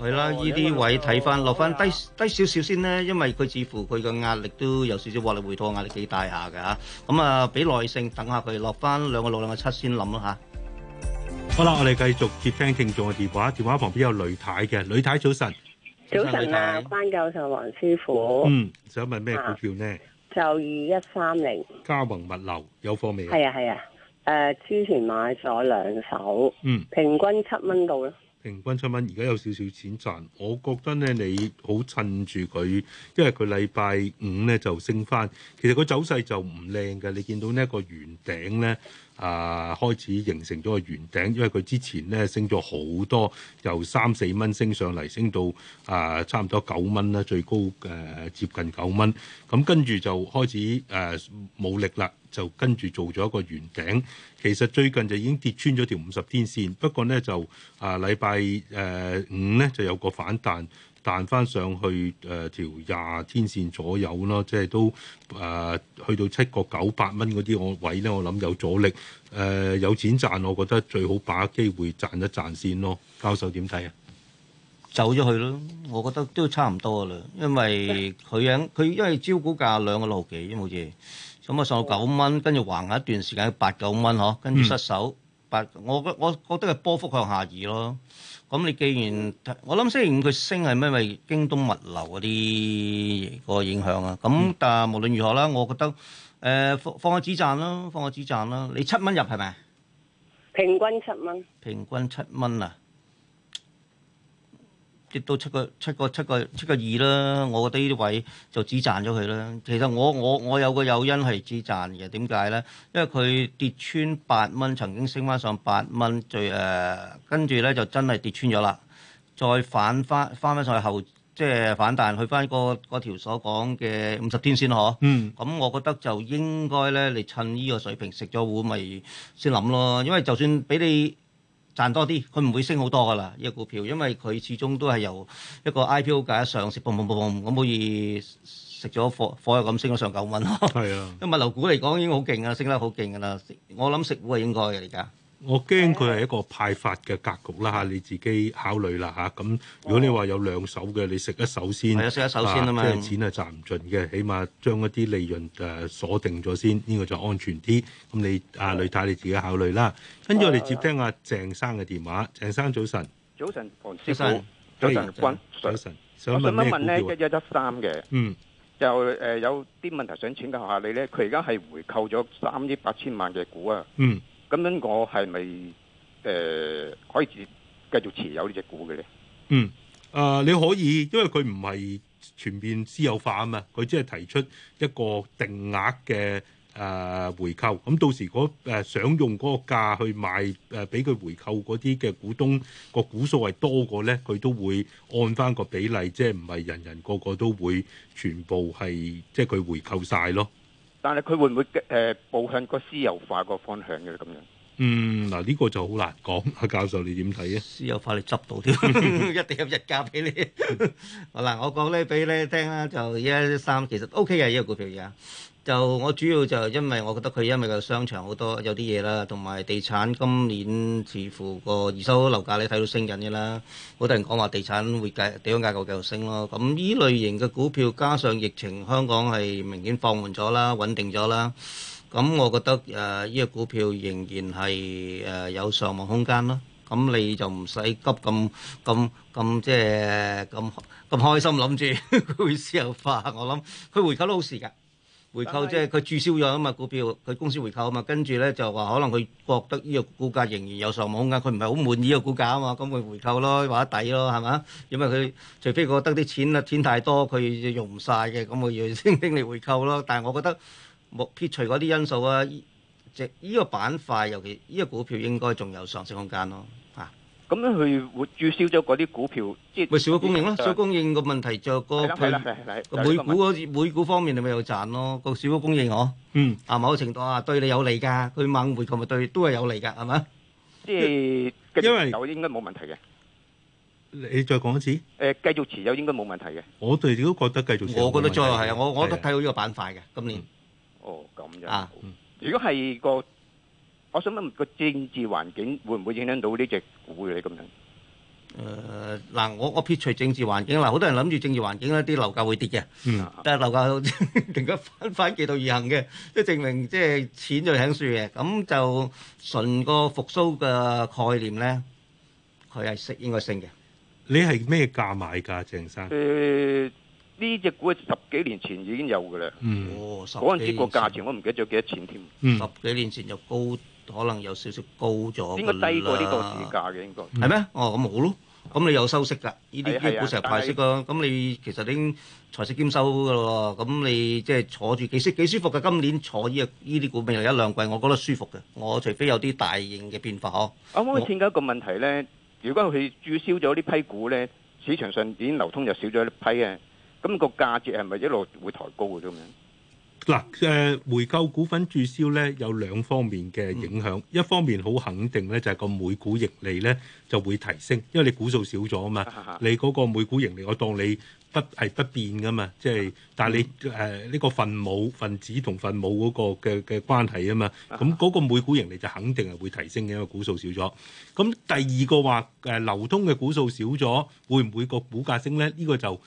係啦，依啲位睇翻落翻低低少少先咧，因為佢似乎佢個壓力都有少少獲利回吐，壓力幾大下嘅嚇。咁啊，俾、啊、耐性等下佢落翻兩個六兩個七先諗啦嚇。好啦，我哋繼續接聽聽眾嘅電話，電話旁邊有雷太嘅，雷太早晨。早晨，早晨啊，班教授黃師傅。嗯，想問咩股票呢？啊、就二一三零。嘉宏物流有貨未？係啊係啊，誒、啊呃、之前買咗兩手，嗯，平均七蚊到咯。平均七蚊，而家有少少錢賺，我覺得咧你好趁住佢，因為佢禮拜五咧就升返，其實個走勢就唔靚嘅，你見到呢一個圓頂咧啊開始形成咗個圓頂，因為佢之前咧升咗好多，由三四蚊升上嚟，升到啊差唔多九蚊啦，最高誒、啊、接近九蚊，咁、啊、跟住就開始誒冇、啊、力啦。就跟住做咗一個圓頂，其實最近就已經跌穿咗條五十天線，不過呢，就啊禮拜誒五呢，就有個反彈，彈翻上去誒條廿天線左右咯，即係都誒、呃、去到七個九百蚊嗰啲我位呢，我諗有阻力誒、呃、有錢賺，我覺得最好把握機會賺一賺先咯。教授點睇啊？走咗去咯，我覺得都差唔多啦，因為佢響佢因為招股價兩個六幾，因為好似。咁啊上到九蚊，跟住橫下一段時間八九蚊嗬，跟住失手八，我覺我覺得係波幅向下移咯。咁你既然我諗星期五佢升係咪京東物流嗰啲個影響啊？咁但係無論如何啦，我覺得誒放放個止賺啦，放個止賺啦。你七蚊入係咪？平均七蚊。平均七蚊啊！跌到七個七個七個七個二啦，我覺得呢啲位就止賺咗佢啦。其實我我我有個友人係止賺嘅，點解咧？因為佢跌穿八蚊，曾經升翻上八蚊，最誒跟住咧就真係跌穿咗啦。再反翻翻翻上去後，即係反彈去翻嗰嗰條所講嘅五十天線。嗬。嗯。咁、嗯、我覺得就應該咧，你趁呢個水平食咗糊咪先諗咯。因為就算俾你。賺多啲，佢唔會升好多噶啦，呢、呢個股票，因為佢始終都係由一個 IPO 價上市，嘣嘣嘣咁，可以食咗火藥又咁升咗上九蚊咯。係啊，物流股嚟講已經好勁噶啦，升得好勁噶啦，我諗食股係應該嘅，而家。我驚佢係一個派發嘅格局啦嚇，你自己考慮啦嚇。咁、啊、如果你話有兩手嘅，你食一手先，係食、啊啊、一手先啊嘛，即係錢係賺唔盡嘅，起碼將一啲利潤誒鎖定咗先，呢個就安全啲。咁你阿女、啊、太你自己考慮啦。跟住我哋接聽阿鄭生嘅電話。鄭生，早晨，早晨，黃師傅，早晨是安君，Sir、早晨，想問我想問咩股票？一一一三嘅，嗯，就誒、uh, 有啲問題想請教下你咧。佢而家係回購咗三億八千萬嘅股啊，嗯。嗯咁樣我係咪誒可以繼續持有呢隻股嘅咧？嗯，啊、呃、你可以，因為佢唔係全面私有化啊嘛，佢只係提出一個定額嘅誒、呃、回購。咁、嗯、到時嗰、那個呃、想用嗰個價去賣誒，俾、呃、佢回購嗰啲嘅股東個股數係多過咧，佢都會按翻個比例，即係唔係人人個個都會全部係即係佢回購晒咯。但係佢會唔會誒、呃、步向個私有化個方向嘅咁樣？嗯，嗱、這、呢個就好難講啊，教授你點睇啊？私有化你執到添，一定有溢價俾你。好啦，我講咧俾你聽啦，就一三其實 OK 嘅呢、這個股票而家。就我主要就因為我覺得佢因為個商場好多有啲嘢啦，同埋地產今年似乎個二手樓價你睇到升緊嘅啦。好多人講話地產會計點樣價夠繼續升咯。咁呢類型嘅股票加上疫情，香港係明顯放緩咗啦，穩定咗啦。咁我覺得誒呢個股票仍然係誒有上望空間咯。咁你就唔使急咁咁咁，即係咁咁開心諗住佢會私有化。我諗佢回購都好事㗎。回購即係佢註銷咗啊嘛，股票佢公司回購啊嘛，跟住咧就話可能佢覺得呢個股價仍然有上網空間，佢唔係好滿意個股價啊嘛，咁佢回購咯，話得底咯，係嘛？因為佢除非覺得啲錢啊錢太多，佢用唔晒嘅，咁佢要升升嚟回購咯。但係我覺得冇撇除嗰啲因素啊，即呢個板塊尤其呢個股票應該仲有上升空間咯。咁樣佢會註銷咗嗰啲股票，即係少咗供應啦。少供應個問題就個佢每股個每股方面咪又賺咯。個少咗供應嗬，嗯啊，某程度啊，對你有利㗎。佢猛回購咪對都係有利㗎，係咪啊？即係因為持有應該冇問題嘅。你再講一次？誒，繼續持有應該冇問題嘅。我對都覺得繼續持有。我覺得再係啊，我我都睇好呢個板塊嘅。今年哦，咁樣啊，如果係個。我想問個政治環境會唔會影響到呢隻股嘅，你咁樣？誒，嗱，我我撇除政治環境嗱，好多人諗住政治環境咧，啲樓價會跌嘅。嗯。但係樓價突然間翻翻幾度而行嘅，即係證明即係錢就響樹嘅。咁就純個復甦嘅概念咧，佢係升應該升嘅。你係咩價買噶，鄭生？誒，呢隻股十幾年前已經有嘅啦。嗯。哦，嗰陣時個價錢我唔記得咗幾多錢添。嗯。十幾年前就高。可能有少少高咗嘅啦，應該低過呢個市價嘅應該，係咩？哦，咁好咯，咁你又收息噶？呢啲啲股成日派息咯，咁你其實已經財色兼收嘅咯。咁你即係坐住幾舒幾舒服嘅。今年坐呢啊呢啲股咪又一兩季，我覺得舒服嘅。我除非有啲大型嘅變化呵。我想問一個問題咧，如果佢註銷咗呢批股咧，市場上已經流通就少咗一批嘅，咁個價值係咪一路會抬高嘅咁樣？嗱，誒、呃、回購股份註銷咧有兩方面嘅影響，嗯、一方面好肯定咧就係、是、個每股盈利咧就會提升，因為你股數少咗啊嘛，啊啊你嗰個每股盈利我當你不係不變噶嘛，即、就、係、是、但係你誒呢、呃嗯、個分母分子同分母嗰個嘅嘅關係啊嘛，咁、那、嗰個每股盈利就肯定係會提升嘅，因為股數少咗。咁第二個話誒、呃、流通嘅股數少咗會唔會個股價升咧？呢、這個就。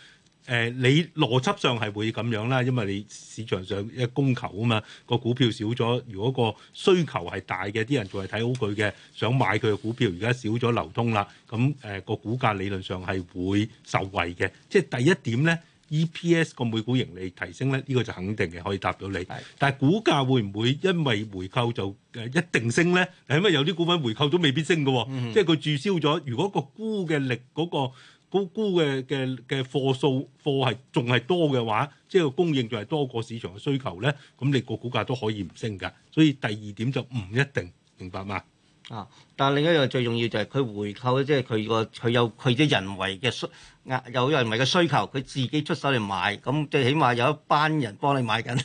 誒、呃，你邏輯上係會咁樣啦，因為你市場上嘅供求啊嘛，個股票少咗，如果個需求係大嘅，啲人仲係睇好佢嘅，想買佢嘅股票，而家少咗流通啦，咁誒個股價理論上係會受惠嘅。即係第一點咧，EPS 個每股盈利提升咧，呢、這個就肯定嘅，可以答到你。的但係股價會唔會因為回購就誒一定升咧？因為有啲股份回購都未必升嘅喎、哦，嗯、即係佢註銷咗。如果個沽嘅力嗰、那個。高估嘅嘅嘅貨數貨係仲係多嘅話，即係供應仲係多過市場嘅需求咧，咁你個股價都可以唔升㗎。所以第二點就唔一定，明白嘛？啊！但係另一樣最重要就係佢回購，即係佢個佢有佢啲人為嘅輸。啊，有有人為嘅需求，佢自己出手嚟買，咁最起碼有一班人幫你買緊，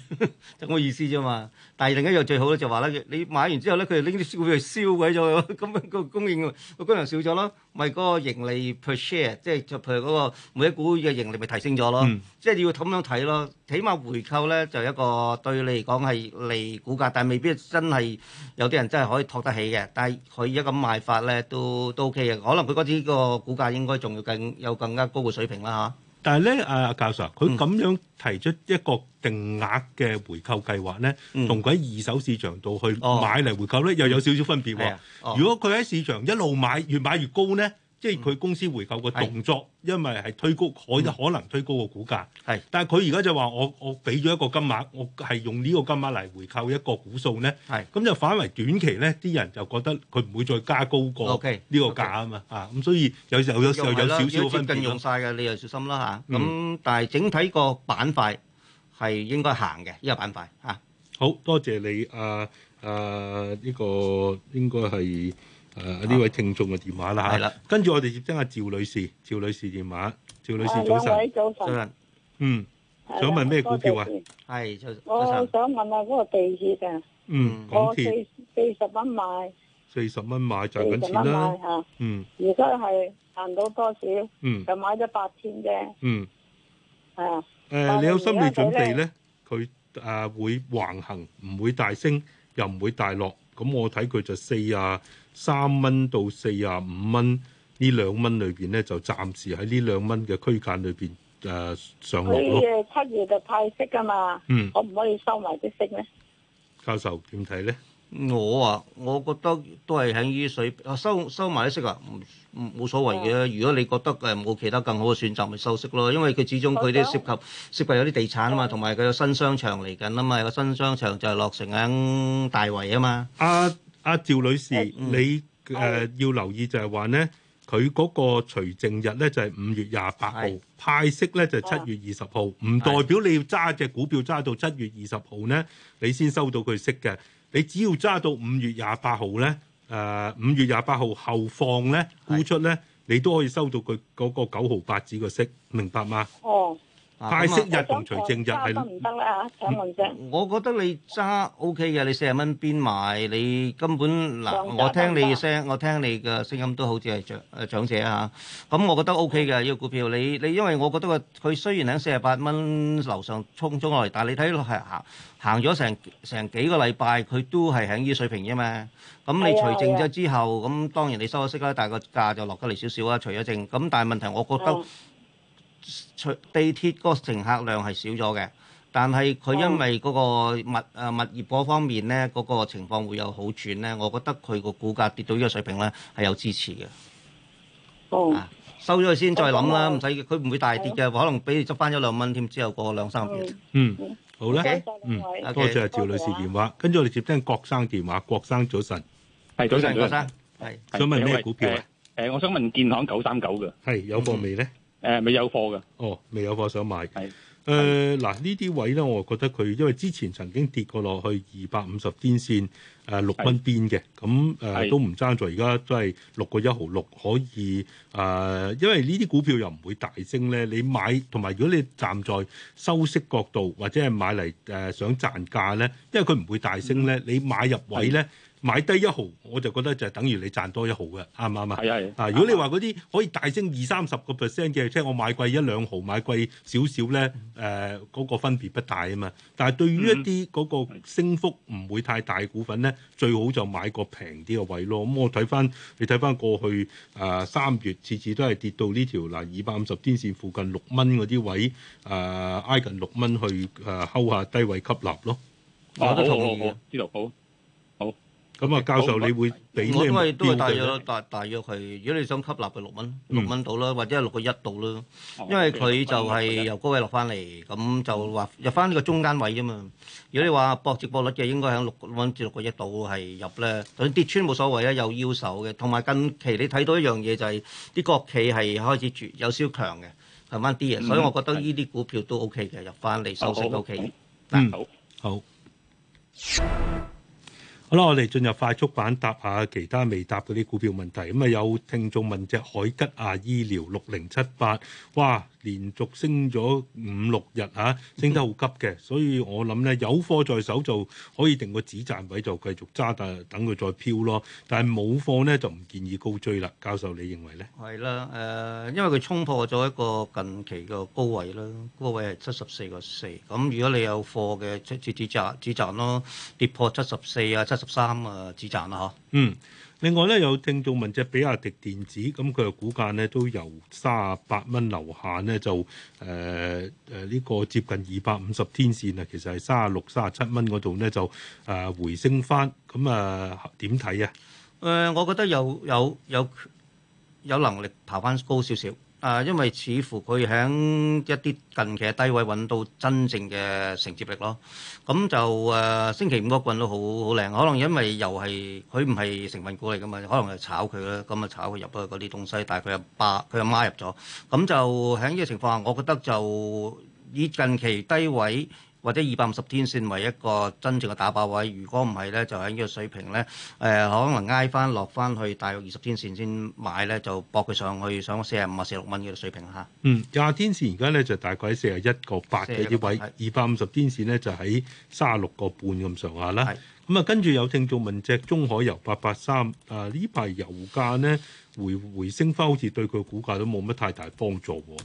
就咁嘅意思啫嘛。但係另一樣最好咧，就話咧，你買完之後咧，佢就拎啲股票嚟燒毀咗，咁樣個供應個供量少咗咯，咪嗰個盈利 per share，即係就譬如嗰個每一股嘅盈利咪提升咗咯。即係你要咁樣睇咯，起碼回購咧就一個對你嚟講係利股價，但係未必真係有啲人真係可以托得起嘅。但係佢而家咁買法咧都都 OK 嘅，可能佢嗰啲個股價應該仲要更有更加高嘅水平啦嚇，但係咧，阿、啊、教授佢咁樣提出一個定額嘅回購計劃咧，同佢喺二手市場度去買嚟回購咧，嗯、又有少少分別喎。嗯啊嗯、如果佢喺市場一路買，越買越高咧？即係佢公司回購個動作，嗯、因為係推高可以、嗯、可能推高個股價。係、嗯，但係佢而家就話我我俾咗一個金額，我係用呢個金額嚟回購一個股數呢？係、嗯，咁就反為短期呢啲人就覺得佢唔會再加高過呢個價嘛 okay, okay. 啊嘛啊咁，所以有時候有時候有少少，少分寸。用晒嘅你又小心啦嚇。咁但係整體個板塊係應該行嘅呢個板塊嚇。好多謝你啊啊呢、呢個應該係。誒，呢、啊、位聽眾嘅電話啦吓，的跟住我哋接聽下趙女士，趙女士電話，趙女士早晨，早晨，早安嗯，想問咩股票啊？係，我我想問下嗰個地鐵嘅、啊。嗯，鐵我四十蚊買，四十蚊買賺緊錢啦、啊，行嗯，而家係行到多少，嗯，就買咗八千啫，嗯，係啊，誒，你有心理準備咧？佢誒會橫行，唔會大升，又唔會大落。咁我睇佢就四啊三蚊到四啊五蚊呢兩蚊裏邊咧，就暫時喺呢兩蚊嘅區間裏邊誒上落咯。七月就派息噶嘛，可唔可以收埋啲息咧？教授點睇咧？我啊，我覺得都係喺呢啲水收收埋啲息啊，唔唔冇所謂嘅。嗯、如果你覺得誒冇其他更好嘅選擇，咪收息咯。因為佢始終佢都涉及、嗯嗯、涉及有啲地產啊嘛，同埋佢有新商場嚟緊啊嘛，個新商場就係落成響大圍啊嘛。阿阿、啊啊、趙女士，嗯、你誒、uh, 嗯、要留意就係話呢，佢嗰個除淨日咧就係、是、五月廿八號派息咧就七、是、月二十號，唔、啊、代表是是你要揸隻股票揸到七月二十號呢，你先收到佢息嘅。你只要揸到五月廿八號咧，誒、呃、五月廿八號後放咧沽出咧，你都可以收到佢嗰個九毫八紙個息，明白嗎？哦。派息日同除淨日係唔得啦嚇！請問我覺得你揸 O K 嘅，你四十蚊邊埋？你根本嗱，我聽你聲，我聽你嘅聲音都好似係長誒長者嚇。咁、啊、我覺得 O K 嘅呢個股票，你你因為我覺得個佢雖然喺四十八蚊樓上衝咗落嚟，但係你睇落係行行咗成成幾個禮拜，佢都係喺依水平啫嘛。咁你除淨咗之後，咁、哎哎、當然你收咗息啦，但係個價就落得嚟少少啦，除咗淨。咁但係問題，我覺得。哎除地鐵嗰乘客量係少咗嘅，但係佢因為嗰個物啊物業嗰方面咧，嗰個情況會有好轉咧，我覺得佢個股價跌到呢個水平咧係有支持嘅。哦，收咗佢先再諗啦，唔使佢唔會大跌嘅，可能俾你執翻一兩蚊添，之後過兩三日。嗯，好啦，嗯，多謝趙女士電話，跟住我哋接聽郭生電話。郭生早晨，係早晨，郭生，係想問咩股票啊？誒，我想問建行九三九嘅係有冇未咧？誒、呃，未有貨嘅。哦，未有貨想買。係誒是，嗱、呃、呢啲位咧，我覺得佢因為之前曾經跌過落去二百五十天線，誒六蚊邊嘅，咁誒是、呃、都唔爭在，而家都係六個一毫六，可以誒、呃，因為呢啲股票又唔會大升咧，你買同埋如果你站在收息角度，或者係買嚟誒、呃、想賺價咧，因為佢唔會大升咧，嗯、你買入位咧。買低一毫，我就覺得就係等於你賺多一毫嘅，啱唔啱啊？係啊的！啊，如果你話嗰啲可以大升二三十個 percent 嘅，即係、就是、我買貴一兩毫，買貴少少咧，誒、呃，嗰、那個分別不大啊嘛。但係對於一啲嗰個升幅唔會太大股份咧，最好就買個平啲嘅位咯。咁、嗯嗯、我睇翻你睇翻過去啊，三、呃、月次次都係跌到呢條嗱二百五十天線附近六蚊嗰啲位，誒、呃、挨近六蚊去誒睺下低位吸納咯。我都同意，呢度好。咁啊，教授，你會俾咩標？我因為都係大約，大大約係，如果你想吸納嘅六蚊，六蚊到啦，或者六個一度啦。因為佢就係由高位落翻嚟，咁就話入翻呢個中間位啫嘛。如果你話搏直播率嘅，應該喺六蚊至六個一度係入咧。就跌穿冇所謂啊，有腰手嘅。同埋近期你睇到一樣嘢就係啲國企係開始轉有稍強嘅，行翻啲嘅，所以我覺得呢啲股票都 OK 嘅，入翻嚟收息都 OK。好。好啦，我哋進入快速版答下其他未答嗰啲股票問題。咁啊，有聽眾問隻海吉亞醫療六零七八，哇！連續升咗五六日嚇、啊，升得好急嘅，嗯、所以我諗咧有貨在手就可以定個止賺位，就繼續揸，但等佢再飄咯。但係冇貨咧就唔建議高追啦。教授你認為咧？係啦，誒、呃，因為佢衝破咗一個近期嘅高位啦，高位係七十四個四。咁如果你有貨嘅，即止止賺止賺咯，跌破七十四啊、七十三啊，止賺啦嚇。嗯。另外咧，有聽眾問隻比亞迪電子，咁佢嘅股價咧都由三啊八蚊樓下咧就誒誒呢個接近二百五十天線啊，其實係三啊六、三啊七蚊嗰度咧就誒、呃、回升翻，咁啊點睇啊？誒、呃呃，我覺得有有有有能力爬翻高少少。啊，因為似乎佢喺一啲近期嘅低位揾到真正嘅承接力咯。咁就誒、呃、星期五個棍都好好靚，可能因為又係佢唔係成分股嚟噶嘛，可能係炒佢啦。咁啊炒佢入去嗰啲東西，但係佢阿爸佢阿媽入咗。咁就喺呢個情況下，我覺得就以近期低位。或者二百五十天線為一個真正嘅打爆位，如果唔係咧，就喺呢個水平咧，誒、呃、可能挨翻落翻去大約二十天線先買咧，就搏佢上去上四十五啊四六蚊嗰啲水平吓。嗯，廿天線而家咧就大概四十一個八嘅啲位，二百五十天線咧就喺三十六個半咁上下啦。咁啊的、嗯，跟住有聽眾問隻中海油八八三，啊呢排油價咧回回升翻，好似對佢股價都冇乜太大幫助喎。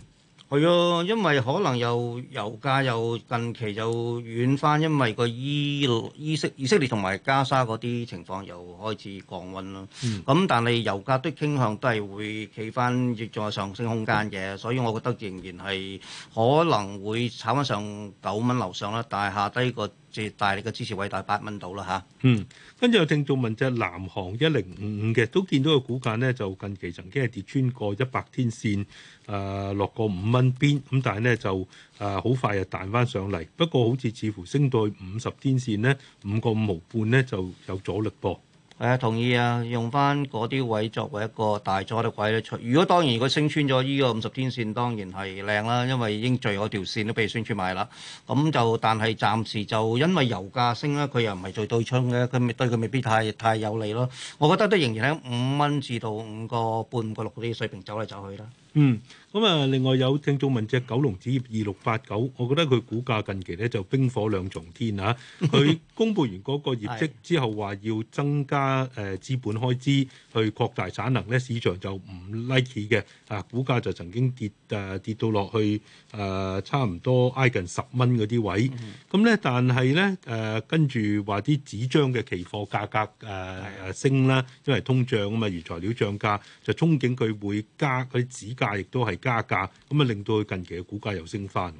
係啊，因為可能又油價又近期又軟翻，因為個伊、伊色、以色列同埋加沙嗰啲情況又開始降溫啦。咁、嗯、但係油價的傾向都係會企翻，亦仲有上升空間嘅。嗯、所以，我覺得仍然係可能會炒翻上九蚊樓上啦，但係下低個即係大力嘅支持位大八蚊度啦嚇。嗯跟住有聽眾問隻，南航一零五五嘅都見到個股價咧，就近期曾經係跌穿過一百天線，誒、呃、落個五蚊邊咁，但係咧就誒好、呃、快就彈翻上嚟。不過好似似乎升到去五十天線咧，五個五毫半咧就有阻力噃。誒同意啊！用翻嗰啲位作為一個大阻力位咧出。如果當然佢升穿咗依個五十天線，當然係靚啦，因為已經聚嗰條線都被佢穿穿埋啦。咁就但係暫時就因為油價升咧，佢又唔係最對沖嘅，咁咪對佢未必太太有利咯。我覺得都仍然喺五蚊至到五個半個六啲水平走嚟走去啦。嗯。咁啊，另外有聽眾問隻九龍紙業二六八九，我覺得佢股價近期咧就冰火兩重天啊！佢公佈完嗰個業績之後，話要增加誒資本開支去擴大產能咧，市場就唔 like 嘅，啊股價就曾經跌誒跌到落去誒差唔多挨近十蚊嗰啲位。咁咧，但係咧誒跟住話啲紙張嘅期貨價格誒誒升啦，因為通脹啊嘛，原材料漲價就憧憬佢會加佢啲紙價，亦都係。加價咁啊，令到佢近期嘅股價又升翻。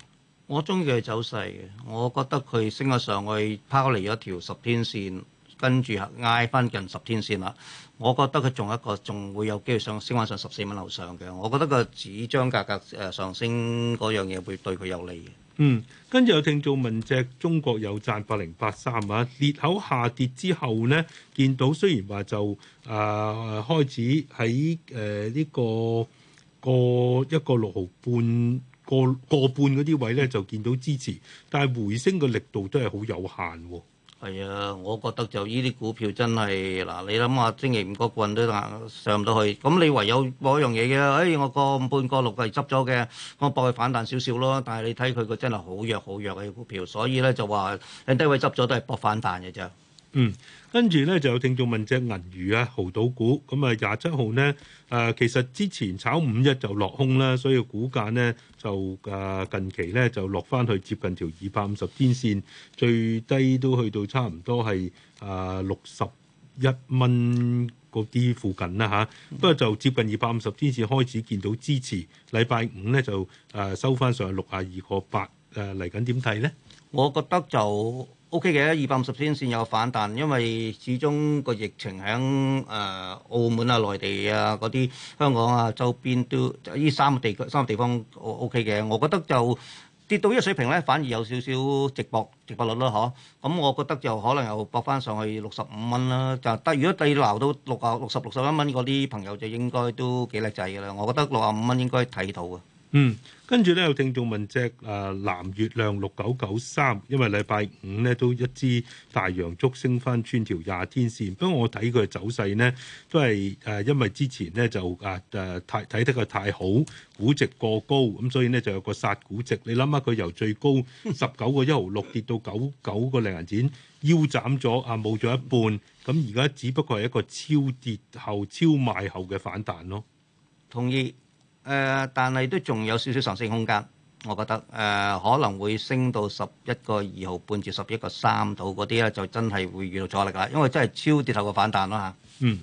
我中意佢走勢嘅，我覺得佢升咗上去拋離咗條十天線，跟住挨翻近十天線啦。我覺得佢仲一個仲會有機會上升翻上十四蚊樓上嘅。我覺得個紙張價格誒上升嗰樣嘢會對佢有利嘅。嗯，跟住有聽眾問隻中國有賺八零八三啊，裂口下跌之後咧，見到雖然話就啊、呃、開始喺誒呢個。個一個六毫半，個個半嗰啲位咧就見到支持，但係回升嘅力度都係好有限喎。係啊，我覺得就依啲股票真係嗱、啊，你諗下，星期五個棍都上唔到去，咁你唯有一樣嘢嘅，誒我個半個六係執咗嘅，我搏佢反彈少少咯。但係你睇佢個真係好弱好弱嘅股票，所以咧就話喺低位執咗都係搏反彈嘅啫。嗯。跟住咧就有聽眾問隻銀魚啊，濠賭股咁啊，廿七號咧，誒、呃、其實之前炒五一就落空啦，所以股價咧就誒近期咧就落翻去接近條二百五十天線，最低都去到差唔多係啊六十一蚊嗰啲附近啦嚇、啊，不過就接近二百五十天線開始見到支持。禮拜五咧就誒收翻上六十二個八，誒嚟緊點睇咧？呢我覺得就。O K 嘅，二百五十天線有反彈，因為始終個疫情喺誒、呃、澳門啊、內地啊、嗰啲香港啊周邊都，呢三個地區三個地方 O K 嘅，我覺得就跌到呢個水平咧，反而有少少值博值博率啦，嗬。咁、嗯、我覺得就可能又搏翻上去六十五蚊啦，就低。但如果低撈到六啊六十六十一蚊，嗰啲朋友就應該都幾叻仔嘅啦。我覺得六啊五蚊應該睇到嘅。嗯。跟住咧，有聽眾問隻啊藍月亮六九九三，因為禮拜五咧都一支大陽燭升返穿條廿天線，不過我睇佢嘅走勢呢，都係誒、啊，因為之前呢就誒誒睇睇得佢太好，估值過高，咁所以呢就有個殺估值。你諗下佢由最高十九個一毫六跌到九九個零銀子，腰斬咗啊，冇咗一半。咁而家只不過係一個超跌後超賣後嘅反彈咯。同意。誒、呃，但係都仲有少少上升空間，我覺得誒、呃、可能會升到十一個二毫半至十一個三度嗰啲咧，就真係會遇到阻力啦，因為真係超跌頭個反彈啦嚇。啊、嗯。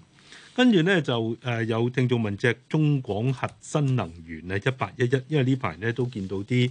跟住咧就誒有聽眾問隻中廣核新能源咧一八一一，因為呢排咧都見到啲誒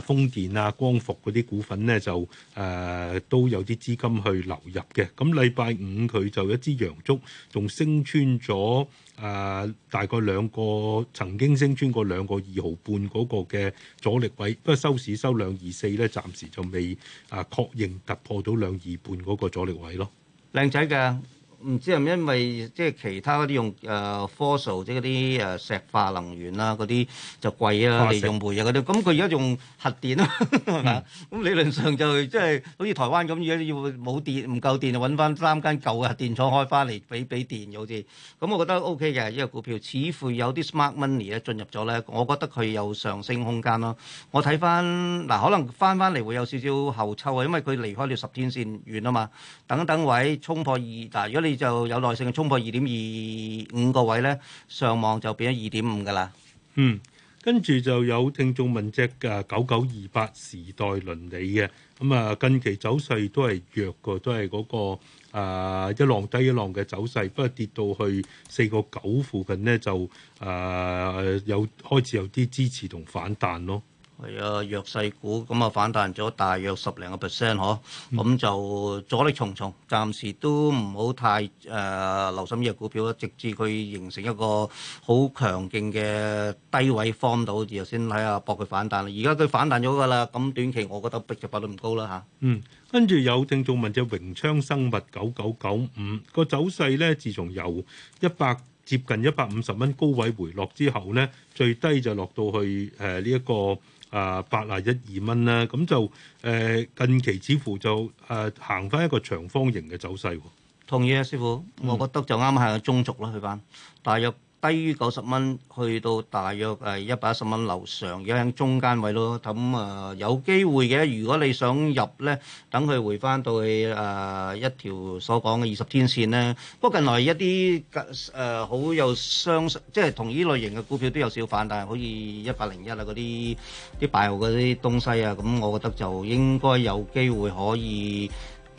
風電啊、光伏嗰啲股份咧就誒、呃、都有啲資金去流入嘅。咁禮拜五佢就一支陽燭，仲升穿咗誒、呃、大概兩個曾經升穿過兩個二毫半嗰個嘅阻力位，不過收市收兩二四咧，暫時就未誒確認突破到兩二半嗰個阻力位咯。靚仔嘅。唔知係咪因為即係其他嗰啲用誒 fossil 即係嗰啲誒石化能源啦，嗰啲就貴啊，利用煤啊嗰啲。咁佢而家用核電啊？咁、嗯、 理論上就即係好似台灣咁，如果要冇電、唔夠電，就揾翻三間舊嘅電廠開翻嚟俾俾電，好似咁。我覺得 O K 嘅，呢個股票似乎有啲 smart money 咧進入咗咧，我覺得佢有上升空間咯。我睇翻嗱，可能翻翻嚟會有少少後抽啊，因為佢離開咗十天線遠啊嘛。等等位衝破二嗱，如果你～就有耐性嘅衝破二點二五個位咧，上望就變咗二點五噶啦。嗯，跟住就有聽眾問隻噶九九二八時代倫理嘅，咁啊近期走勢都係弱嘅、嗰個，都係嗰個一浪低一浪嘅走勢，不過跌到去四個九附近呢，就啊有開始有啲支持同反彈咯。係啊，弱勢股咁啊，反彈咗大約十零個 percent 嗬，咁、啊、就阻力重重，暫時都唔好太誒留、呃、心呢隻股票啦，直至佢形成一個好強勁嘅低位方到，然後先睇下搏佢反彈。而家佢反彈咗㗎啦，咁短期我覺得逼就逼得唔高啦嚇。啊、嗯，跟住有聽眾問隻榮昌生物九九九五個走勢咧，自從由一百接近一百五十蚊高位回落之後咧，最低就落到去誒呢一個。啊，八啊一二蚊啦，咁就誒近期似乎就誒行翻一個長方形嘅走勢。同意啊，師傅，嗯、我覺得就啱啱係個中軸啦，佢返大約。低於九十蚊，去到大約誒一百一十蚊樓上，而家喺中間位咯。咁啊、呃，有機會嘅。如果你想入呢，等佢回翻到去誒、呃、一條所講嘅二十天線呢。不過近來一啲誒、呃、好有相，即係同呢類型嘅股票都有少反，但係好似一百零一呀嗰啲啲大號嗰啲東西啊，咁我覺得就應該有機會可以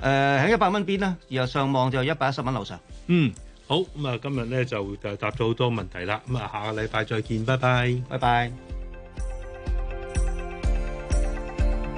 誒喺一百蚊邊啦，然後上望就一百一十蚊樓上。嗯。好，咁啊、嗯！今日呢就誒答咗好多問題啦。咁啊、嗯嗯，下個禮拜再見，拜拜，拜拜。拜拜。